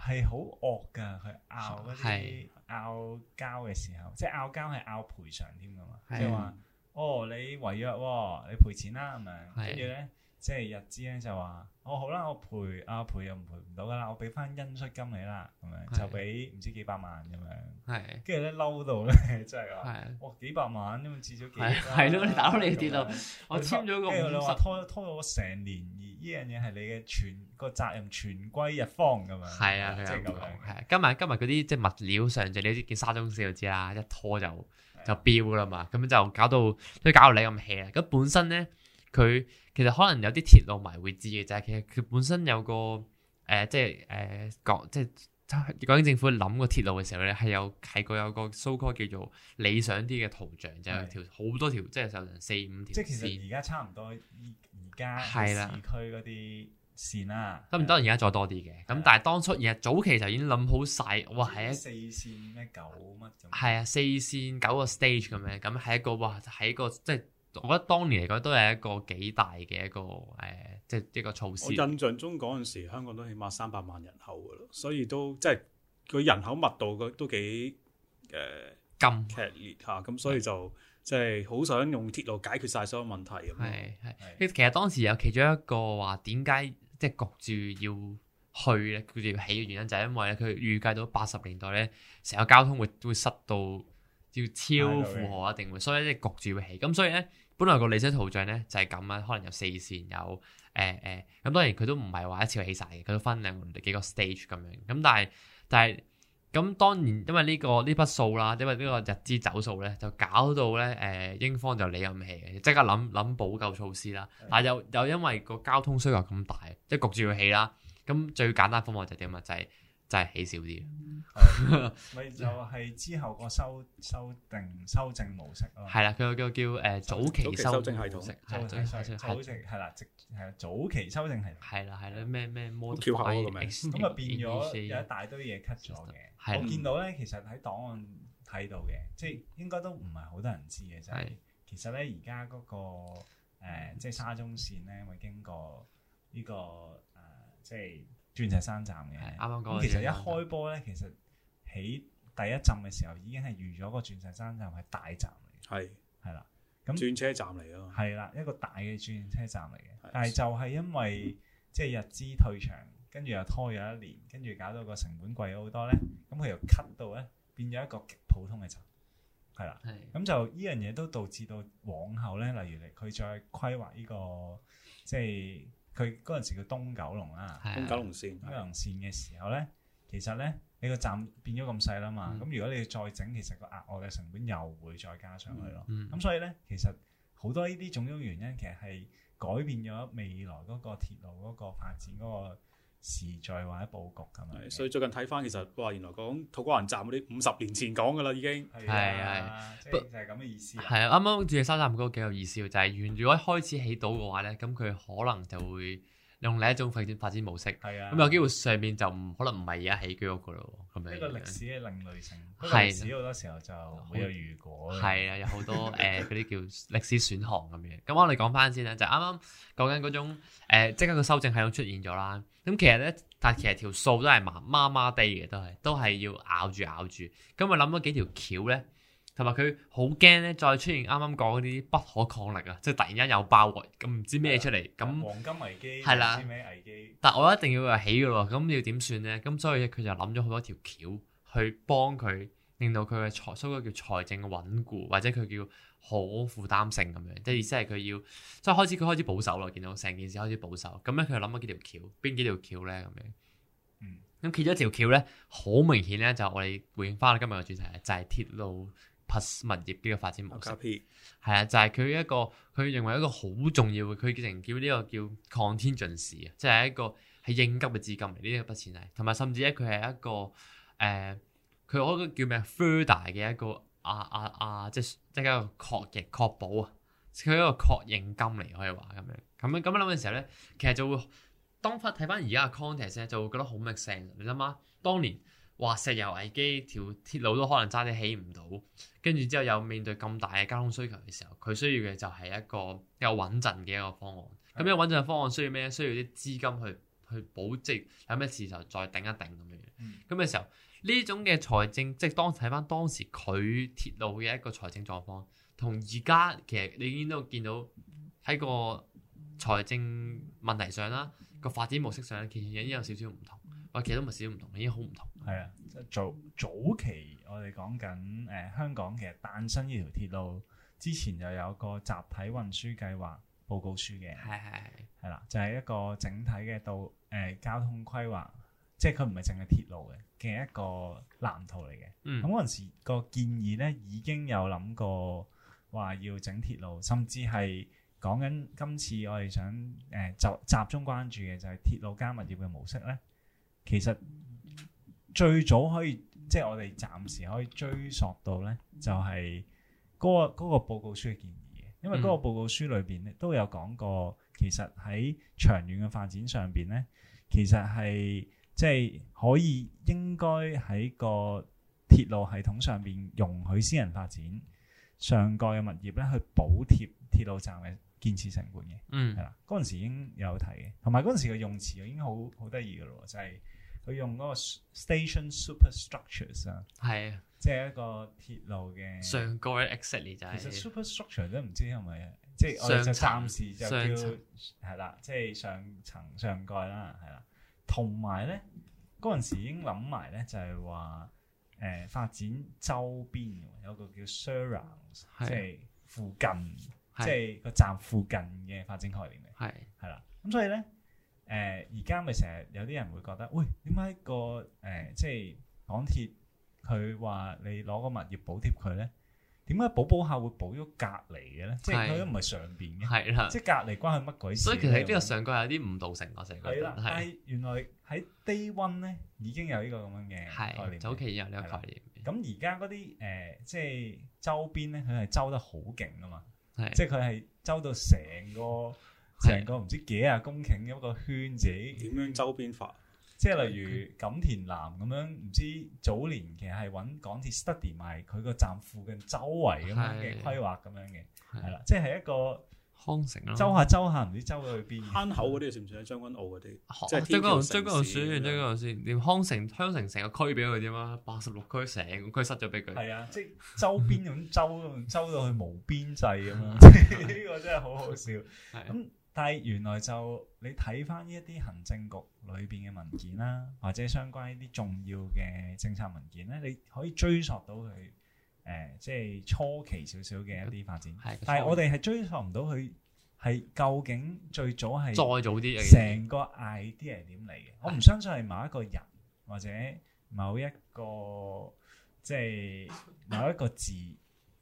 係好惡㗎，佢拗啲拗交嘅時候，即係拗交係拗賠償添㗎嘛，即係話哦，你違約喎、哦，你賠錢啦，咁啊的，跟住咧。即係日資咧就話：哦，好啦，我賠阿賠又唔賠唔到噶啦，我俾翻恩恤金你啦，咁樣的就俾唔知幾百萬咁樣。係的，跟住咧嬲到咧真係啊！的哇幾百萬咁啊，至少係係咯，你打到你個電腦，樣我簽咗個10，拖拖咗我成年，而呢樣嘢係你嘅全個責任全歸日方咁樣。係啊，即係咁樣。今日今日嗰啲即係物料上，就你啲叫沙中事就知啦，一拖就就飆啦嘛，咁樣就搞到都搞到你咁 hea 啦。咁本身咧。佢其實可能有啲鐵路迷會知嘅，就係其實佢本身有個誒、呃，即係誒、呃、國即係國政府諗個鐵路嘅時候咧，係有係個有個 so call 叫做理想啲嘅圖像，就係條好多條，即係成四五條，即係其實而家差唔多而家市區嗰啲線啦。都唔的的多，而家再多啲嘅。咁但係當初而家早期就已經諗好晒：「哇！係一四線咩九乜就係啊，四線九個 stage 咁樣，咁係一個哇，一個即係。我覺得當年嚟講都係一個幾大嘅一個誒、呃，即係一個措施。我印象中嗰陣時香港都起碼三百萬人口㗎啦，所以都即係個人口密度都幾誒咁劇烈嚇，咁、啊、所以就即係好想用鐵路解決曬所有問題嘅。係係，是其實當時有其中一個話點解即係焗住要去咧，焗住要起嘅原因就係因為咧佢預計到八十年代咧成個交通會會塞到。要超負荷一定會，所以咧焗住要起，咁所以咧，本來個理想圖像咧就係咁啦，可能有四線，有誒誒，咁、呃呃、當然佢都唔係話一次起晒，嘅，佢都分兩個幾個 stage 咁樣，咁但係但係咁當然因為呢、呢個呢筆數啦，因為呢個日資走數咧，就搞到咧誒、呃、英方就理咁起嘅，即刻諗諗補救措施啦，的但係又又因為個交通需求咁大，即係焗住要起啦，咁最簡單方法就點啊？就係、是。真就係起少啲，咪就係之後個修修定修正模式咯。係啦，佢個個叫誒早期修正模式，係啦，係啦、呃，早期係啦，係早期修正係。係啦，係啦，咩咩 model 咁啊？變咗有一大堆嘢 cut 咗嘅。我見到咧，其實喺檔案睇到嘅，即係應該都唔係好多人知嘅。就係、係、其實咧、嗰個，而家嗰個即係沙中線咧，咪經過呢、呢個誒，即、呃、係。就係鑽石山站嘅，啱啱講，其實一開波咧，其實起第一站嘅時候，已經係預咗個鑽石山站係大站嚟，係係啦，咁轉車站嚟咯，係啦，一個大嘅轉車站嚟嘅，的但係就係因為即係、就是、日資退場，跟住又拖咗一年，跟住搞到個成本貴咗好多咧，咁佢又 cut 到咧，變咗一個極普通嘅站，係啦，咁的就呢樣嘢都導致到往後咧，例如嚟佢再規劃呢個即係。佢嗰陣時叫東九龍啦，東九龍線、東九龍線嘅時候咧，其實咧，你個站變咗咁細啦嘛，咁、嗯、如果你再整，其實個額外嘅成本又會再加上去咯。咁、嗯嗯嗯、所以咧，其實好多呢啲種種原因，其實係改變咗未來嗰個鐵路嗰個發展嗰、嗰個時序或者佈局咁樣，所以最近睇翻其實，哇！原來講土瓜灣站嗰啲五十年前講噶啦，已經係啊，就係咁嘅意思。係啱啱住沙站嗰個幾有意思嘅，就係、是、原如果一開始起到嘅話咧，咁佢可能就會用另一種發展發展模式。係啊的，咁有機會上面就可能唔係而家起居屋噶啦。咁樣一個歷史嘅另類性，歷史好多時候就冇有如果嘅。係啊，有好多誒嗰啲叫歷史選項咁嘅。咁我哋講翻先啦，就啱啱講緊嗰種即、呃、刻一個修正系統出現咗啦。咁其實咧，但其實條數都係麻麻麻地嘅，都係都係要咬住咬住。咁我諗咗幾條橋咧，同埋佢好驚咧，再出現啱啱講嗰啲不可抗力啊，即係突然間有爆，咁唔知咩出嚟咁。啊、那黃金危機，定唔知咩危機，但係我一定要又起嘅咯喎，咁要點算咧？咁所以佢就諗咗好多條橋去幫佢，令到佢嘅財，所謂叫財政嘅穩固，或者佢叫。好負擔性咁樣，即係意思係佢要，即係開始佢開始保守啦，見到成件事開始保守，咁咧佢又諗咗幾條橋，邊幾條橋咧咁樣？嗯，咁其咗一條橋咧，好明顯咧就我哋回應翻今日嘅主題，就係、是、鐵路 plus 物業呢個發展模式。係啊，就係、是、佢一個佢認為一個好重要嘅，佢成叫呢個叫 contingency 啊，即係一個係應急嘅資金嚟，呢筆錢係，同埋甚至咧佢係一個誒，佢嗰個叫咩 Further 嘅一個。呃啊啊啊！即即係一個確認、確保啊，佢係一個確認金嚟可以話咁樣，咁樣咁樣諗嘅時候咧，其實就會當翻睇翻而家嘅 context 咧，就會覺得好 make sense。你諗下，當年話石油危機條鐵路都可能差啲起唔到，跟住之後又面對咁大嘅交通需求嘅時候，佢需要嘅就係一個有穩陣嘅一個方案。咁樣穩陣嘅方案需要咩？需要啲資金去去保值，有咩事就再頂一頂咁樣。咁嘅時候。呢種嘅財政，即係當睇返當時佢鐵路嘅一個財政狀況，同而家其實你已經都見到喺個財政問題上啦，個發展模式上，其實已經有少少唔同，或其實都唔係少少唔同，已經好唔同。係啊，早早期我哋講緊誒香港其實誕生呢條鐵路之前就有個集體運輸計劃報告書嘅，係係係啦，就係、是、一個整體嘅道誒、呃、交通規劃。即係佢唔係淨係鐵路嘅，嘅一個藍圖嚟嘅。咁嗰陣時個建議咧，已經有諗過話要整鐵路，甚至係講緊今次我哋想誒就、呃、集、集中關注嘅就係鐵路加物業嘅模式咧。其實最早可以即係我哋暫時可以追溯到咧，就係、係、嗰、嗰個嗰報告書嘅建議嘅，因為嗰個報告書裏邊咧都有講過，其實喺長遠嘅發展上邊咧，其實係。即係可以，應該喺個鐵路系統上邊容許私人發展上蓋嘅物業咧，去補貼鐵路站嘅建設成本嘅。嗯，係啦，嗰陣時已經有睇嘅，同埋嗰陣時嘅用詞已經好好得意嘅咯，就係、是、佢用嗰個 station superstructures 啊，係啊，即係一個鐵路嘅上蓋 excellence 其實 superstructure 都唔知係咪，即係我哋就暫時就叫係啦，即係上層上蓋啦，係啦。同埋咧，嗰陣時已經諗埋咧，就係話誒發展周邊，有個叫 surround，、ER、的即係附近，的即係個站附近嘅發展概念嚟，係係啦。咁所以咧，誒而家咪成日有啲人會覺得，喂，點解個誒、呃、即係港鐵佢話你攞個物業補貼佢咧？點解補補下會補咗隔離嘅咧？即係佢都唔係上邊嘅，係啦，即係隔離關係乜鬼事？所以其實呢個上蓋有啲誤導性，我成個係啦，係的的原來喺 Day One 咧已經有呢個咁樣嘅概念，早期有呢個概念。咁而家嗰啲誒，即係周邊咧，佢係周得好勁啊嘛，的即係佢係周到成個成個唔知幾廿公頃咁個圈子。點樣的周邊法？即係例如錦田南咁樣，唔知早年其實係揾港鐵 study 埋佢個站附近周圍咁樣嘅規劃咁樣嘅，係啦是，即係一個康城啦、啊，周下周下唔知周到去邊，坑口嗰啲算唔算咧？將軍澳嗰啲，啊、即係將軍澳選，將軍澳先，連康城康城成個區俾佢啫嘛，八十六區成個區塞咗俾佢。係啊，即係周邊咁周周到去無邊際咁啊！呢個真係好好笑。係。但原來就你睇翻，呢一啲行政局裏邊嘅文件啦， 或者相關呢啲重要嘅政策文件咧，你可以追溯到佢誒、呃，即係初期少少嘅一啲發展。係的，但係我哋係追溯唔到佢係究竟最早係再早啲，成個 idea 係點嚟嘅？的我唔相信係某一個人或者某一個即係某一個字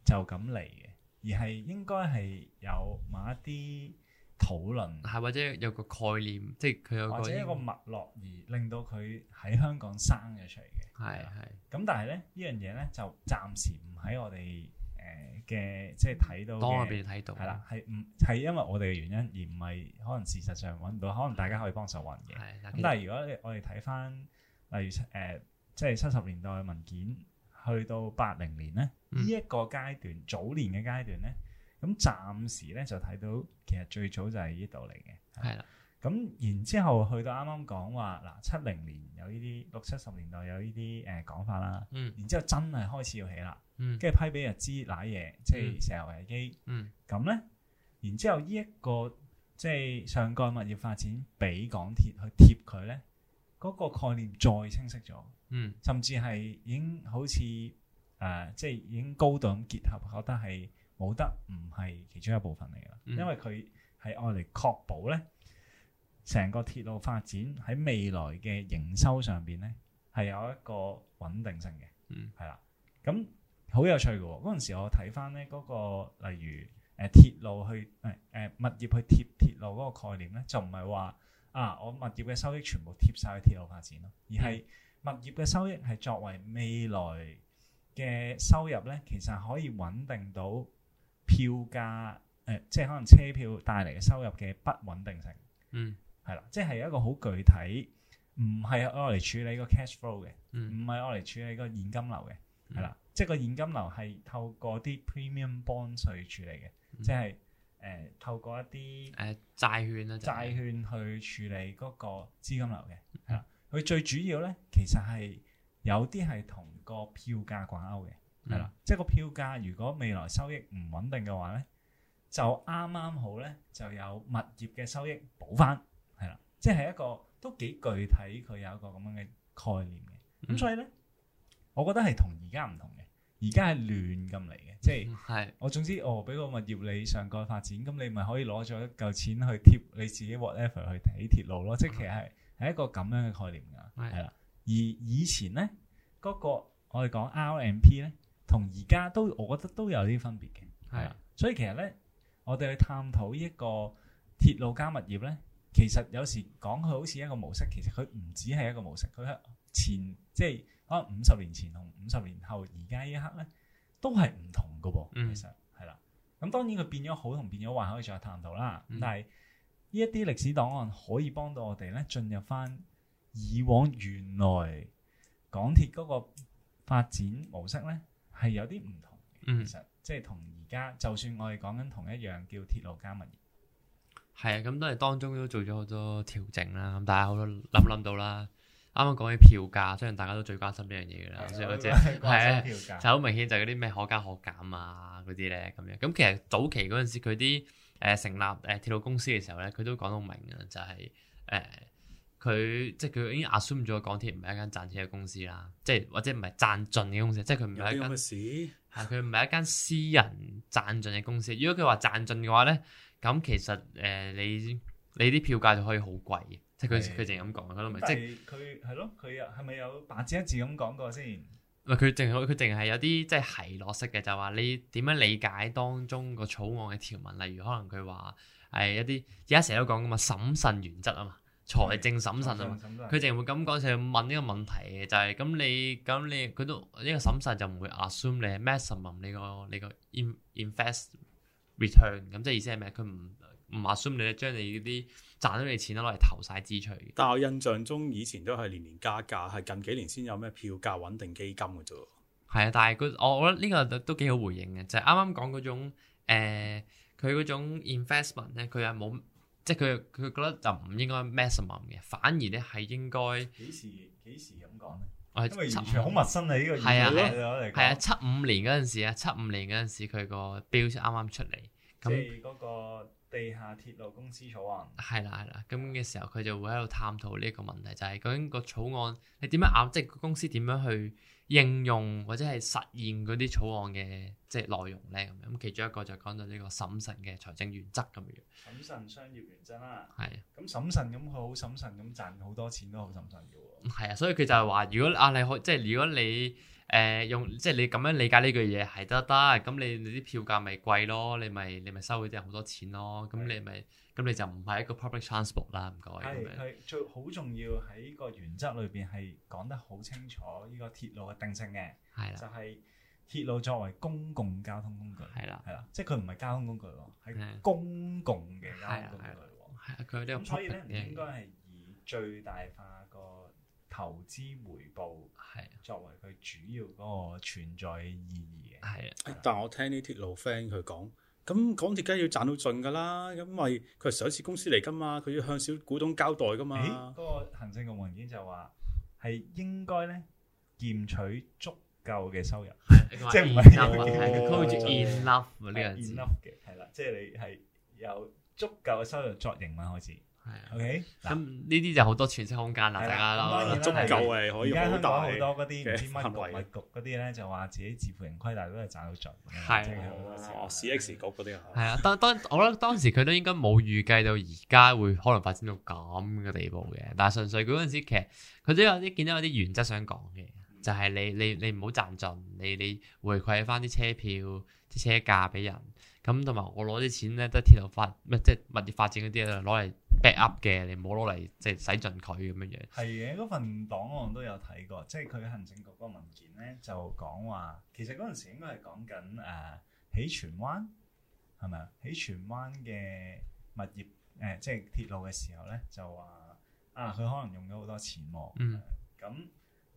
就咁嚟嘅，而係應該係有某一啲。討論係或者有個概念，即係佢有或者一個脈絡而令到佢喺香港生咗出嚟嘅，係係的。咁的但係咧呢樣嘢咧就暫時唔喺我哋誒嘅即係睇到，當我哋睇到係啦，係唔係因為我哋嘅原因而唔係可能事實上揾唔到，可能大家可以幫手揾嘅。咁的但係如果我哋睇翻例如誒即係七十年代嘅文件，去到八零年咧呢一、嗯、個階段，早年嘅階段咧。咁暫時咧就睇到，其實最早就係呢度嚟嘅。係啦，咁的然之後去到啱啱講話嗱，七、呃、零年有呢啲六七十年代有呢啲誒講法啦。嗯，然之後真係開始要起啦。嗯，跟住批俾日資瀨嘢，即係石油危機。嗯，咁咧，然之後呢、這、一個即係上蓋物業發展俾港鐵去貼佢咧，嗰、那個概念再清晰咗。嗯，甚至係已經好似誒、呃，即係已經高度咁結合，覺得係。冇得唔係其中一部分嚟噶啦，因為佢係愛嚟確保咧，成個鐵路發展喺未來嘅營收上邊咧係有一個穩定性嘅。嗯，係啦，咁好有趣噶。嗰陣時我睇翻咧嗰個，例如誒、呃、鐵路去誒誒、呃、物業去貼鐵路嗰個概念咧，就唔係話啊，我物業嘅收益全部貼晒去鐵路發展咯，而係物業嘅收益係作為未來嘅收入咧，其實可以穩定到票價誒、呃，即係可能車票帶嚟嘅收入嘅不穩定性，嗯，係啦，即係一個好具體，唔係攞嚟處理個 cash flow 嘅，唔係攞嚟處理現、嗯、個現金流嘅，係啦，即係個現金流係透過啲 premium bond 嚟處理嘅，即係誒透過一啲誒、嗯呃呃、債券啊債券去處理嗰個資金流嘅，係啦，佢、嗯、最主要咧其實係有啲係同個票價掛鈎嘅。係啦，即係個票價如果未來收益唔穩定嘅話咧，就啱啱好咧，就有物業嘅收益補翻，係啦，即係一個都幾具體，佢有一個咁樣嘅概念嘅。咁、嗯、所以咧，我覺得係同而家唔同嘅，而家係亂咁嚟嘅，即係、嗯、我總之，我、哦、俾個物業你上蓋發展，咁你咪可以攞咗一嚿錢去貼你自己 whatever 去睇鐵路咯，即係其實係係、嗯、一個咁樣嘅概念噶，係啦的。而以前咧，嗰、那個我哋講 RMP 咧。P 同而家都，我覺得都有啲分別嘅。係啊，所以其實咧，我哋去探討一個鐵路加物業咧，其實有時講佢好似一個模式，其實佢唔只係一個模式。佢前即係可能五十年前同五十年後，而家呢一刻咧都係唔同嘅噃。嗯、其實係啦，咁當然佢變咗好同變咗壞可以再探討啦。嗯、但係呢一啲歷史檔案可以幫到我哋咧，進入翻以往原來港鐵嗰個發展模式咧。係有啲唔同嘅，其實即係同而家就算我哋講緊同一樣叫鐵路加物業，係啊，咁都係當中都做咗好多調整啦。咁大家好多諗諗到啦。啱啱講起票價，雖然大家都最關心呢樣嘢啦，的所以我知係啊，票價就好、是、明顯就係嗰啲咩可加可減啊嗰啲咧咁樣。咁其實早期嗰陣時佢啲誒成立誒鐵、呃、路公司嘅時候咧，佢都講到明嘅，就係、是、誒。呃佢即係佢已經 assume 咗港鐵唔係一間賺錢嘅公司啦，即係或者唔係賺盡嘅公司，即係佢唔係一間私佢唔係一間私人賺盡嘅公司。如果佢話賺盡嘅話咧，咁其實誒、呃、你你啲票價就可以好貴嘅。即係佢佢淨係咁講，佢都唔係即係佢係咯，佢又係咪有白紙一字咁講過先？佢淨係佢淨係有啲即係係落式嘅，就話、是、你點樣理解當中個草案嘅條文，例如可能佢話係一啲而家成日都講噶嘛，審慎原則啊嘛。財政審慎啊嘛，佢淨係會咁講，成日問呢個問題嘅就係、是、咁你咁你佢都呢個審慎就唔會 assume 你 maximum 你個你個 invest return，咁即係意思係咩？佢唔唔 assume 你咧將你啲賺到嘅錢攞嚟投晒資產。但我印象中以前都係年年加價，係近幾年先有咩票價穩定基金嘅啫。係啊，但係佢我覺得呢個都幾好回應嘅，就係啱啱講嗰種呃、佢嗰種 investment 咧，佢係冇。即係佢佢覺得就唔應該 maximum 嘅，反而咧係應該幾時幾時咁講咧？是因為完全好陌生啊呢個意思、啊，係啊係啊，七五年嗰陣時啊，七五年嗰陣時佢、個標先啱啱出嚟，咁。地下鐵路公司草案係啦係啦，咁嘅時候佢就會喺度探討呢一個問題，就係究竟個草案你點樣咬，即係公司點樣去應用或者係實現嗰啲草案嘅即係內容咧咁樣。咁其中一個就講到呢個審慎嘅財政原則咁嘅樣。審慎商業原則啦，係。咁審慎咁佢好審慎咁賺好多錢都好審慎嘅喎。係啊，所以佢就係話，如果啊，你可即係如果你。誒、呃、用即係你咁樣理解呢句嘢係得得，咁你你啲票價咪貴咯，你咪你咪收佢啲人好多錢咯，咁的你咪咁的你就唔係一個 public transport 啦，唔該。係佢最好重要喺個原則裏邊係講得好清楚，呢個鐵路嘅定性嘅，係啦的，就係鐵路作為公共交通工具，係啦係啦，即係佢唔係交通工具喎，係公共嘅交通工具喎，係佢呢個 public、嗯、所以應該係以最大化投資回報係作為佢主要嗰個存在嘅意義嘅，係啊。但係我聽啲鐵路 friend 佢講，咁港鐵梗係要賺到盡㗎啦，因為佢係上市公司嚟㗎嘛，佢要向小股東交代㗎嘛。嗰個行政局文件就話係應該咧，賺取足夠嘅收入，即係唔係 enough？enough？呢樣 enough 嘅係啦，即係你係有足夠嘅收入作營運開始。OK 咁呢啲就好多喘息空間啦，大家啦，足夠誒可以好而家佢玩好多嗰啲五千蚊局嗰啲咧，就話自己自負盈虧，但都係賺到盡。係啊，哦哇的，C X 局嗰啲啊，係啊， 當當我覺得當時佢都應該冇預計到而家會可能發展到咁嘅地步嘅。但係純粹佢嗰陣時，其實佢都有啲見到有啲原則想講嘅，就係、是、你你你唔好賺盡，你你回饋翻啲車票、啲車價俾人，咁同埋我攞啲錢咧，都係鐵路發即係物業發展嗰啲攞嚟。backup 嘅，你唔好攞嚟即係使盡佢咁樣嘢。係嘅，嗰份檔案都有睇過，即係佢行政局嗰個文件咧，就講話其實嗰陣時應該係講緊起荃灣係咪、呃、啊？喺荃灣嘅物業誒，即係鐵路嘅時候咧，就話啊，佢可能用咗好多錢喎、啊。嗯、呃。咁誒、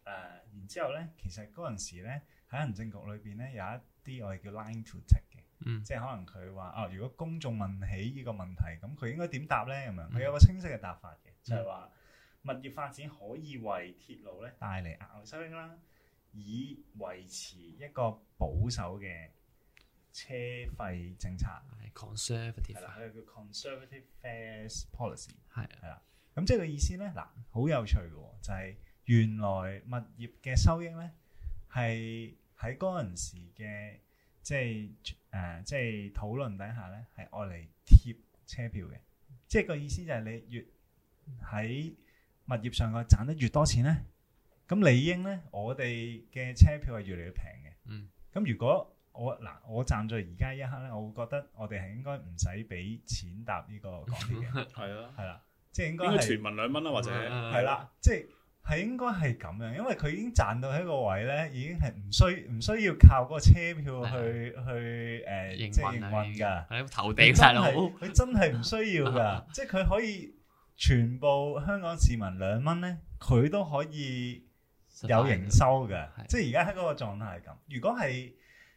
呃，然之後咧，其實嗰陣時咧喺行政局裏邊咧有一啲我哋叫 line to take。嗯，即係可能佢話啊，如果公眾問起呢個問題，咁佢應該點答咧？咁樣佢有個清晰嘅答法嘅，嗯、就係話物業發展可以為鐵路咧帶嚟額外收益啦，以維持一個保守嘅車費政策。係、啊、conservative 係啦，佢叫 conservative fares policy 的。係係啦，咁即係個意思咧。嗱，好有趣嘅，就係、是、原來物業嘅收益咧，係喺嗰陣時嘅。即係誒、呃，即係討論底下咧，係愛嚟貼車票嘅。即係個意思就係你越喺物業上個賺得越多錢咧，咁理應咧，我哋嘅車票係越嚟越平嘅。嗯。咁如果我嗱，我站在而家一刻咧，我會覺得我哋係應該唔使俾錢搭呢個港鐵嘅。係啊，係啦，即係應該全民兩蚊啦，或者係啦、啊，即係。係應該係咁樣，因為佢已經賺到喺個位咧，已經係唔需唔需要靠嗰個車票去的去誒，呃、應運 即係營運噶，係頭頂晒佬，佢真係唔需要噶， 即係佢可以全部香港市民兩蚊咧，佢都可以有營收嘅。即係而家喺嗰個狀態係咁。如果係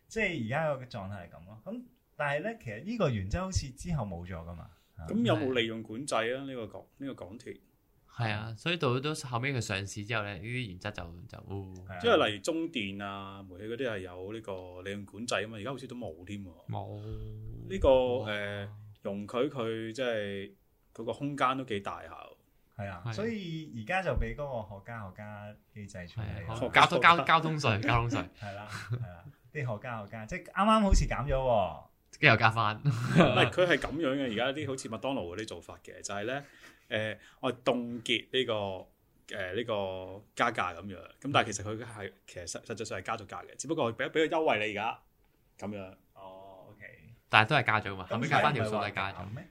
即係而家嘅狀態係咁咯，咁但係咧，其實呢個原則好似之後冇咗噶嘛。咁有冇利用管制啊？呢、呢個港呢、呢個港鐵？呢個港係啊，所以到到都後尾佢上市之後咧，呢啲原則就就即係例如中電啊、煤氣嗰啲係有呢個利潤管制啊嘛，而家好似都冇添冇呢個誒容許佢即係嗰個空間都幾大下，係啊，所以而家就俾嗰個學家學家機制出嚟，交通交交通稅，交通稅係啦係啦，啲學家學家即係啱啱好似減咗，跟住又加翻，唔係佢係咁樣嘅，而家啲好似麥當勞嗰啲做法嘅就係咧。誒，我係凍結呢個誒呢個加價咁樣咁，但係其實佢係其實實實際上係加咗價嘅，只不過俾俾個優惠你而家咁樣。哦，OK，但係都係加咗嘛，後尾加翻條數係加咗咩？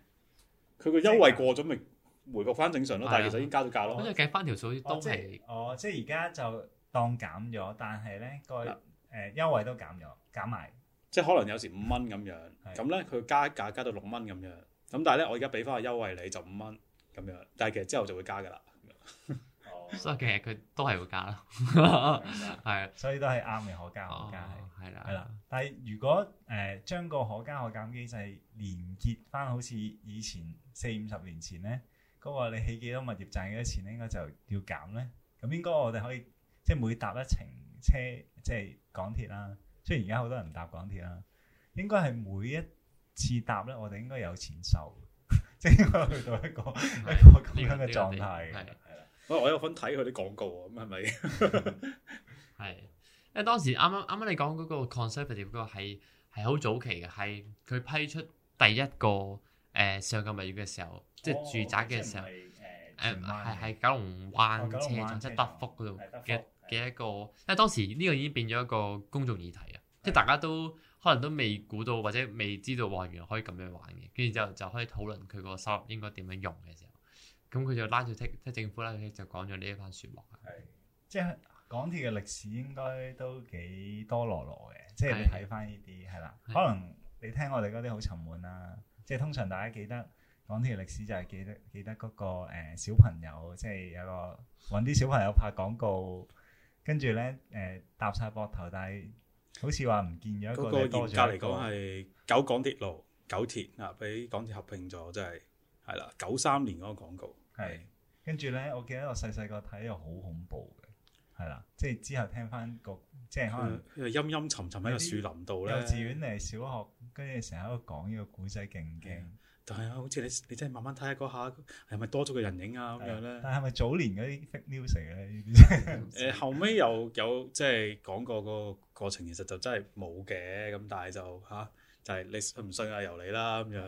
佢個優惠過咗咪回復翻正常咯，但係其實已經加咗價咯。咁即係計翻條數都係，哦，即係而家就當減咗，但係咧個誒優惠都減咗減埋，即係可能有時五蚊咁樣咁咧，佢加價加到六蚊咁樣咁，但係咧我而家俾翻個優惠你就五蚊。咁樣，但係其實之後就會加㗎啦。哦，所以其實佢都係會加咯，係啊，所以都係啱嘅可加可減，係啦、哦，係啦。的但係如果誒、呃、將個可加可減機制連結翻，好似以前四五十年前咧，嗰個你起幾多物業賺幾多錢咧，應該就要減咧。咁應該我哋可以即係每搭一程車，即係港鐵啦，雖然而家好多人搭港鐵啦，應該係每一次搭咧，我哋應該有錢收。先去 到一個 一個咁樣嘅狀態，係啦、這個。不 我有份睇佢啲廣告啊，咁係咪？係， 因為當時啱啱啱啱你講嗰個 conservative 嗰個係好早期嘅，係佢批出第一個誒、呃、上蓋物業嘅時候，即係住宅嘅時候，誒誒係喺九龍灣車站、哦、即係德福嗰度嘅嘅一個。福嗯、因為當時呢個已經變咗一個公眾議題啊，即係大家都。可能都未估到，或者未知道話原來可以咁樣玩嘅，跟住之後就可以討論佢個收入應該點樣用嘅時候，咁佢就拉住政政府拉佢就講咗呢一番說話。係，即係港鐵嘅歷史應該都幾多羅羅嘅，是的 即係你睇翻呢啲係啦。是的 可能你聽我哋嗰啲好沉悶啦、啊，是的 即係通常大家記得港鐵嘅歷史就係記得記得嗰、那個、呃、小朋友，即係有個揾啲小朋友拍廣告，跟住咧誒搭晒膊頭，但係。好似話唔見咗嗰個嚴格嚟講係九港鐵路九鐵啊，俾港鐵合併咗，真係係啦。九三年嗰個廣告係，跟住咧，我記得我細細個睇又好恐怖嘅，係啦。即係之後聽翻、嗰個，即係可能陰陰、嗯、沉沉喺個樹林度咧。幼稚園嚟，小學，跟住成日喺度講呢個古仔，勁唔勁？但係好似你你真係慢慢睇下嗰下，係咪多咗個人影啊？咁的樣咧，但係咪早年嗰啲 news 咧？誒、 呃，後屘又有即係講過、嗰個。過程其實就真係冇嘅，咁但係就吓、啊，就係、是、你信唔信啊、嗯、由你啦咁樣。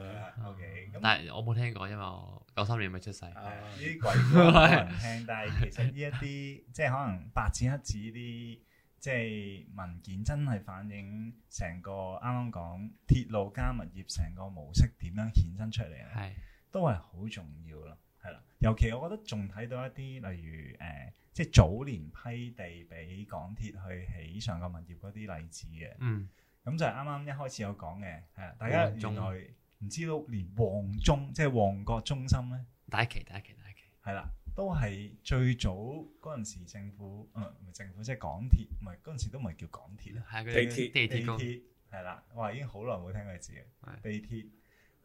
O K，咁但係我冇聽過，因為我九三年咪出世。呢啲、啊啊、鬼故事聽， 但係其實呢一啲 即係可能白紙黑字啲即係文件，真係反映成個啱啱講鐵路加物業成個模式點樣衍生出嚟啊！係的都係好重要咯，係啦，尤其我覺得仲睇到一啲例如誒。呃即係早年批地俾港鐵去起上個物業嗰啲例子嘅，咁、嗯、就係啱啱一開始有講嘅，係啊，大家原來唔知道連旺中即係旺角中心咧，第一期、第一期、第一期係啦，都係最早嗰陣時政府，呃、唔係政府，即係港鐵，唔係嗰陣時都唔係叫港鐵，係地鐵、地鐵、地鐵，係啦，哇，已經好耐冇聽佢字嘅地鐵。的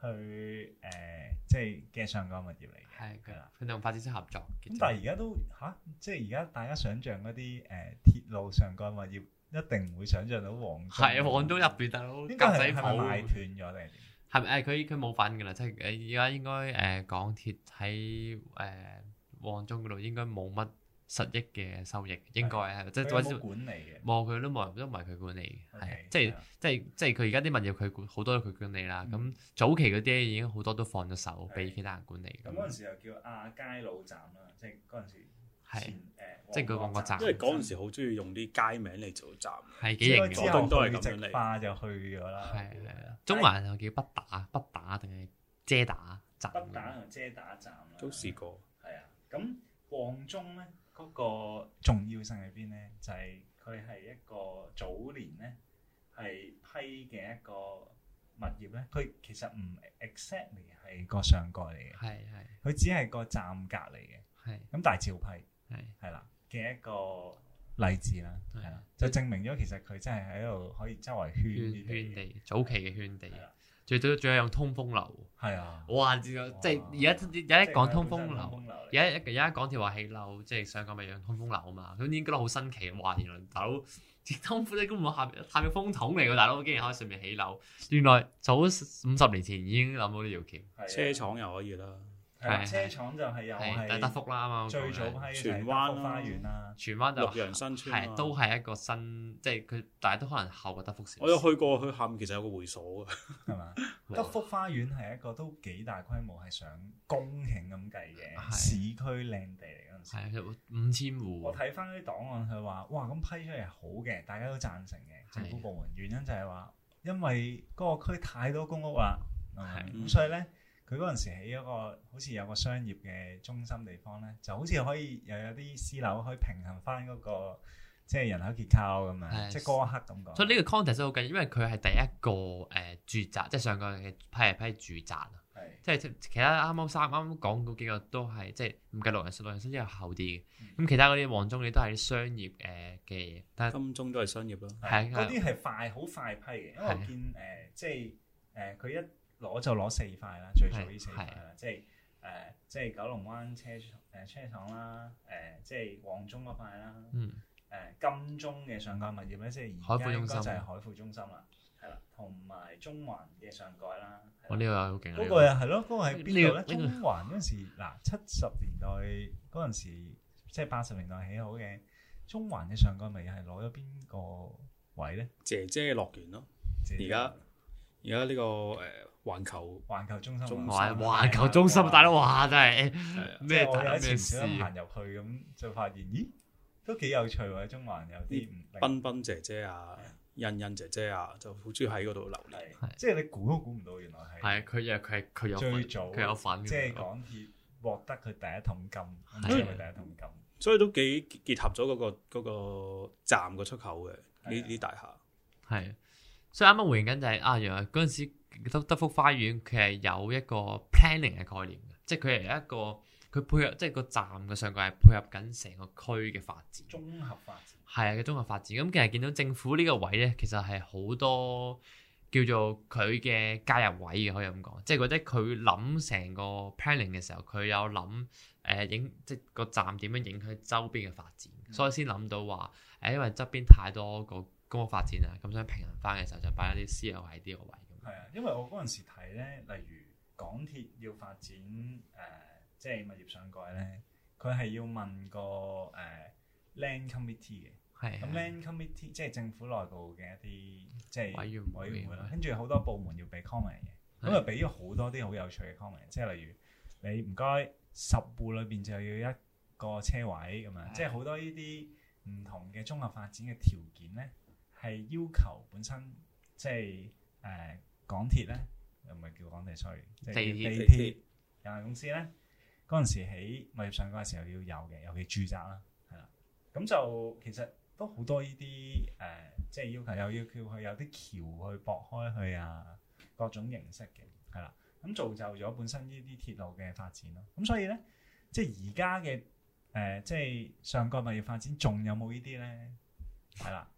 去誒，呃，即係嘅上蓋物業嚟嘅，係佢同用發展商合作。咁但係而家都嚇，啊，即係而家大家想象嗰啲誒鐵路上蓋物業一定唔會想象到黃。係黃中入邊得咯。格仔鋪買斷咗定係點？咪佢佢冇份㗎啦，即係而家應該誒，呃、港鐵喺誒黃中嗰度應該冇乜。十億嘅收益應該係即係揾少管理嘅，望佢都望都唔係佢管理嘅，係即係即係即係佢而家啲物業佢管好多都佢管理啦。咁早期嗰啲已經好多都放咗手俾其他人管理。咁嗰陣時又叫亞皆老站啦，即係嗰陣時前、誒即係嗰個站，因為嗰陣時好鍾意用啲街名嚟做站，係幾型嘅。之後佢直化就去咗啦。係啊，中環又叫北打、北打定係遮打站。北打同遮打站都試過，係啊，咁黃中咧。嗰個重要性喺邊咧？就係佢係一個早年咧係批嘅一個物業咧，佢其實唔 exactly 係個上蓋嚟嘅，係係佢只係個站隔嚟嘅，係咁係係大潮批係係啦嘅一個例子啦，係啦，就證明咗其實佢真係喺度可以周圍圈圈，圈地，圈地，早期嘅圈地啊。最多仲有用通風樓，係啊，哇！知即係而家，而家講通風樓，而家而家講條話起樓，即係想個咪用通風樓啊嘛，咁應該都好新奇啊！哇，原來大佬，通風都咁下下面風筒嚟㗎，大佬竟然可以上面起樓，原來早五十年前已經諗到呢條橋，的車廠又可以啦。車廠就係有係德福啦，最早批係德福花園啦，荃灣綠楊新村，係都係一個新，即係佢，但係都可能後過德福士。我有去過，佢下面其實有個會所嘅。係嘛？德福花園係一個都幾大規模，係想供應咁計嘅市區靚地嚟嗰陣時。係五千戶。我睇翻啲檔案，佢話：哇，咁批出嚟好嘅，大家都贊成嘅政府部門。原因就係話，因為嗰個區太多公屋啦，係咁，所以咧。佢嗰陣時起一個好似有個商業嘅中心地方咧，就好似可以又有啲私樓可以平衡翻嗰個即係人口結構咁樣，即係嗰一刻咁講。所以呢個 context 好緊要，因為佢係第一個誒住宅，即係上個月批係批住宅啊。係，即係即其他啱啱三啱啱講嗰幾個都係即係唔計六人十六人先之後厚啲嘅，咁其他嗰啲黃中你都係商業誒嘅嘢，但係金鐘都係商業咯，係嗰啲係快好快批嘅，因為見誒即係誒佢一。攞就攞四塊啦，最早呢四塊啦是的、呃，即係誒，即係九龍灣車誒車廠啦，誒、呃，即係旺中嗰塊啦，誒、嗯呃，金鐘嘅上蓋物業咧，即係而家應該就係海富中心啦，係啦、啊，同埋中環嘅上蓋啦。我呢、這個好勁、這個、啊！嗰個係係咯，嗰個喺邊度咧？中環嗰陣時，嗱，七十年代嗰陣時，即係八十年代起好嘅中環嘅上蓋物業係攞咗邊個位咧？姐姐嘅樂園咯，而家而家呢個誒。呃環球環球中心，中環環球中心，大佬哇，真係咩？我有一次行入去咁，就發現咦，都幾有趣喎。中環有啲斌斌姐姐啊、欣欣姐姐啊，就好中意喺嗰度留嚟。即係你估都估唔到，原來係係佢，又佢佢有佢有份，即係港鐵獲得佢第一桶金，第一桶金。所以都幾結合咗嗰個個站個出口嘅呢啲大廈。係，所以啱啱回應緊就係啊，原來嗰陣時。德福花園，佢係有一個 planning 嘅概念嘅，即係佢係一個佢配合即係個站嘅上蓋係配合緊成個區嘅發展，綜合發展係啊，嘅綜合發展咁、嗯、其實見到政府呢個位咧，其實係好多叫做佢嘅加入位嘅，可以咁講，即係覺得佢諗成個 planning 嘅時候，佢有諗誒、呃、影即係個站點樣影響周邊嘅發展，嗯、所以先諗到話誒、哎，因為側邊太多個公屋發展啦，咁想平衡翻嘅時候，就擺一啲私樓喺呢個位。係啊，因為我嗰陣時睇咧，例如港鐵要發展誒、呃，即係物業上蓋咧，佢係要問個誒、呃、Land Committee 嘅，係咁的、嗯、Land Committee 即係政府內部嘅一啲即係委員會啦。跟住好多部門要俾 comment 嘅，咁啊俾咗好多啲好有趣嘅 comment，即係例如你唔該十戶裏邊就要一個車位咁啊，即係好多呢啲唔同嘅綜合發展嘅條件咧，係要求本身即係誒。呃港鐵咧，又唔係叫港鐵，sorry，即係地鐵有限公司咧，嗰陣時喺物業上嗰陣時候要有嘅，尤其住宅啦，係啦，咁就其實都好多呢啲誒，即係要求又要叫佢有啲橋去駁開去啊，各種形式嘅，係啦，咁造就咗本身呢啲鐵路嘅發展咯。咁所以咧，即係而家嘅誒，即係上個物業發展仲有冇呢啲咧？係啦。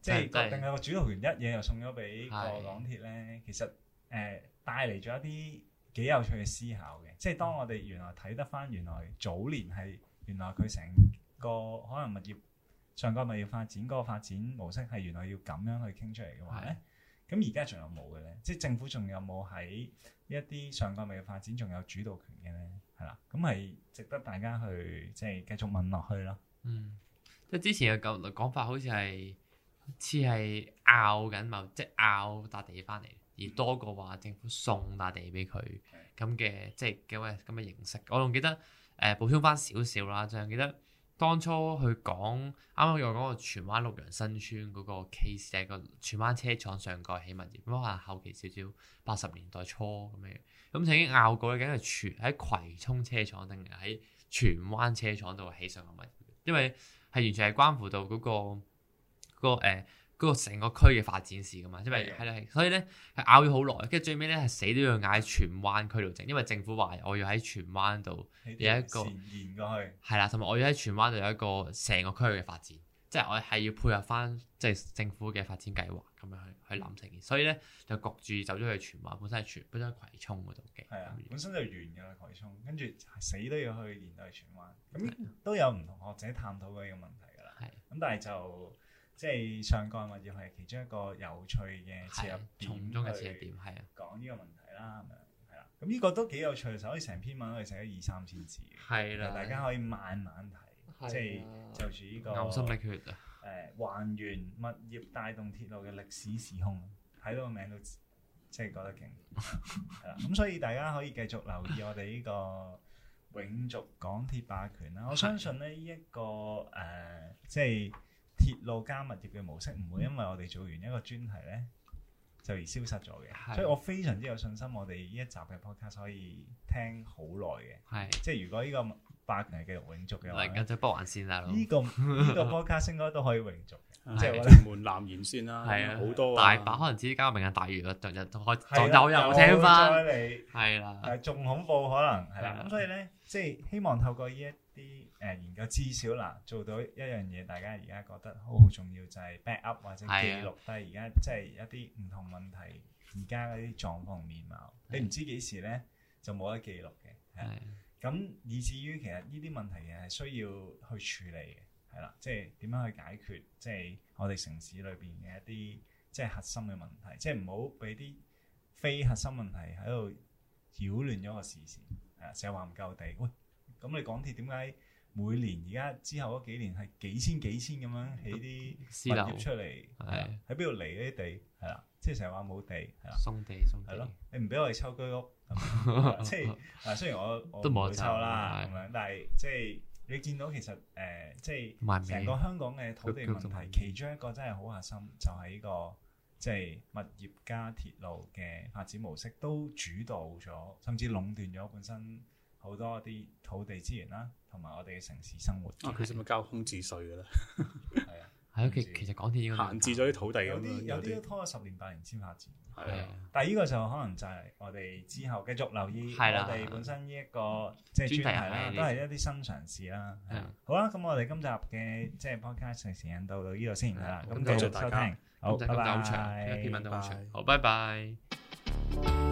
即係定係個主導權一嘢又送咗俾個港鐵咧，是的 其實誒、呃、帶嚟咗一啲幾有趣嘅思考嘅。即係當我哋原來睇得翻，原來早年係原來佢成個可能物業上蓋物業發展嗰個發展模式係原來要咁樣去傾出嚟嘅話咧，咁而家仲有冇嘅咧？即係政府仲有冇喺一啲上蓋物業發展仲有主導權嘅咧？係啦，咁係值得大家去即係繼續問落去咯。嗯，即係之前嘅講講法好似係。似係拗緊某，即係拗笪地翻嚟，而多過話政府送笪地俾佢咁嘅，即係嘅位咁嘅形式。我仲記得誒、呃、補充翻少少啦，就係記得當初佢講啱啱我講過荃灣綠楊新邨嗰個 case，就係個荃灣車廠上蓋起物業，咁可能後期少少八十年代初咁樣。咁曾經拗過嘅，梗係喺葵涌車廠定係喺荃灣車廠度起上個物業，因為係完全係關乎到嗰、嗰個。個誒嗰個成個區嘅發展史噶嘛，因為係啦，所以咧係拗咗好耐，跟住最尾咧係死都要嗌荃灣區度整，因為政府話我要喺荃灣度有一個延過去，係啦，同埋我要喺荃灣度有一個成個區嘅發展，即係我係要配合翻即係政府嘅發展計劃咁樣去去諗成件事，所以咧就焗住走咗去荃灣，本身係荃本身葵涌嗰度嘅，係啊，本身，的本身就完嘅啦葵涌，跟住死都要去延到去荃灣，咁的都有唔同學者探討過呢個問題噶啦，係咁的，的但係就。即係上蓋物業係其中一個有趣嘅切入點，重中嘅切入點係啊，講呢個問題啦，咁樣係啦，咁呢的個都幾有趣，其實可以成篇文可以寫咗二三千字嘅，啦的，大家可以慢慢睇，即係的就住呢、這個。嘔心瀝血啊！誒、呃，還原物業帶動鐵路嘅歷史時空，睇到個名都即係覺得勁，係啦， 咁所以大家可以繼續留意我哋呢個永續港鐵霸權啦。的我相信咧，呢一個誒、呃，即係。鐵路加物業嘅模式唔會因為我哋做完一個專題咧就而消失咗嘅，是的 所以我非常之有信心，我哋呢一集嘅 podcast 可以聽好耐嘅。係，是的 即係如果呢個話題繼續永續嘅話呢，而家北環線先啦。依、這個依 個 podcast 應該都可以永續嘅，即係門南延線啦，係啊的，好多 大把，可能自己係明日大嶼啊，第日都開仲有有聽翻，係啦，的但係仲恐怖可能，咁的所以咧，即、就、係、是、希望透過呢一啲。誒，研究至少啦，做到一樣嘢，大家而家覺得好好重要，就係、是、back up 或者記錄低、啊。而家即係一啲唔同問題，而家嗰啲狀況面貌，你唔知幾時咧就冇得記錄嘅。係咁、啊嗯，以至於其實呢啲問題嘅係需要去處理嘅，係啦、啊，即係點樣去解決？即係我哋城市裏邊嘅一啲即係核心嘅問題，即係唔好俾啲非核心問題喺度擾亂咗個視線。誒成日話唔夠地，喂，咁你港鐵點解？每年而家之後嗰幾年係幾千幾千咁樣起啲物業出嚟，喺邊度嚟嗰啲地係啦，即係成日話冇地，送地送地，係咯，你唔俾我哋抽居屋， 嗯、即係雖然我，我都冇會抽啦咁樣，的但係即係你見到其實誒、呃、即係成個香港嘅土地問題，其中一個真係好核心就係、是、呢個即係、就是就是、物業加鐵路嘅發展模式都主導咗，甚至壟斷咗本身好多啲土地資源啦。同埋我哋嘅城市生活，啊佢使咪交空置稅噶咧？係啊，係咯。其其實講起限制咗啲土地，有啲有啲拖咗十年八年先發展。係啊，但係呢個就可能就係我哋之後繼續留意我哋本身呢一個即係主題啦，都係一啲新嘗試啦。係啊，好啊，咁我哋今集嘅即係 podcast 嘅時間到到呢度先啦。咁多謝收聽，好拜拜。篇文都好長，好拜拜。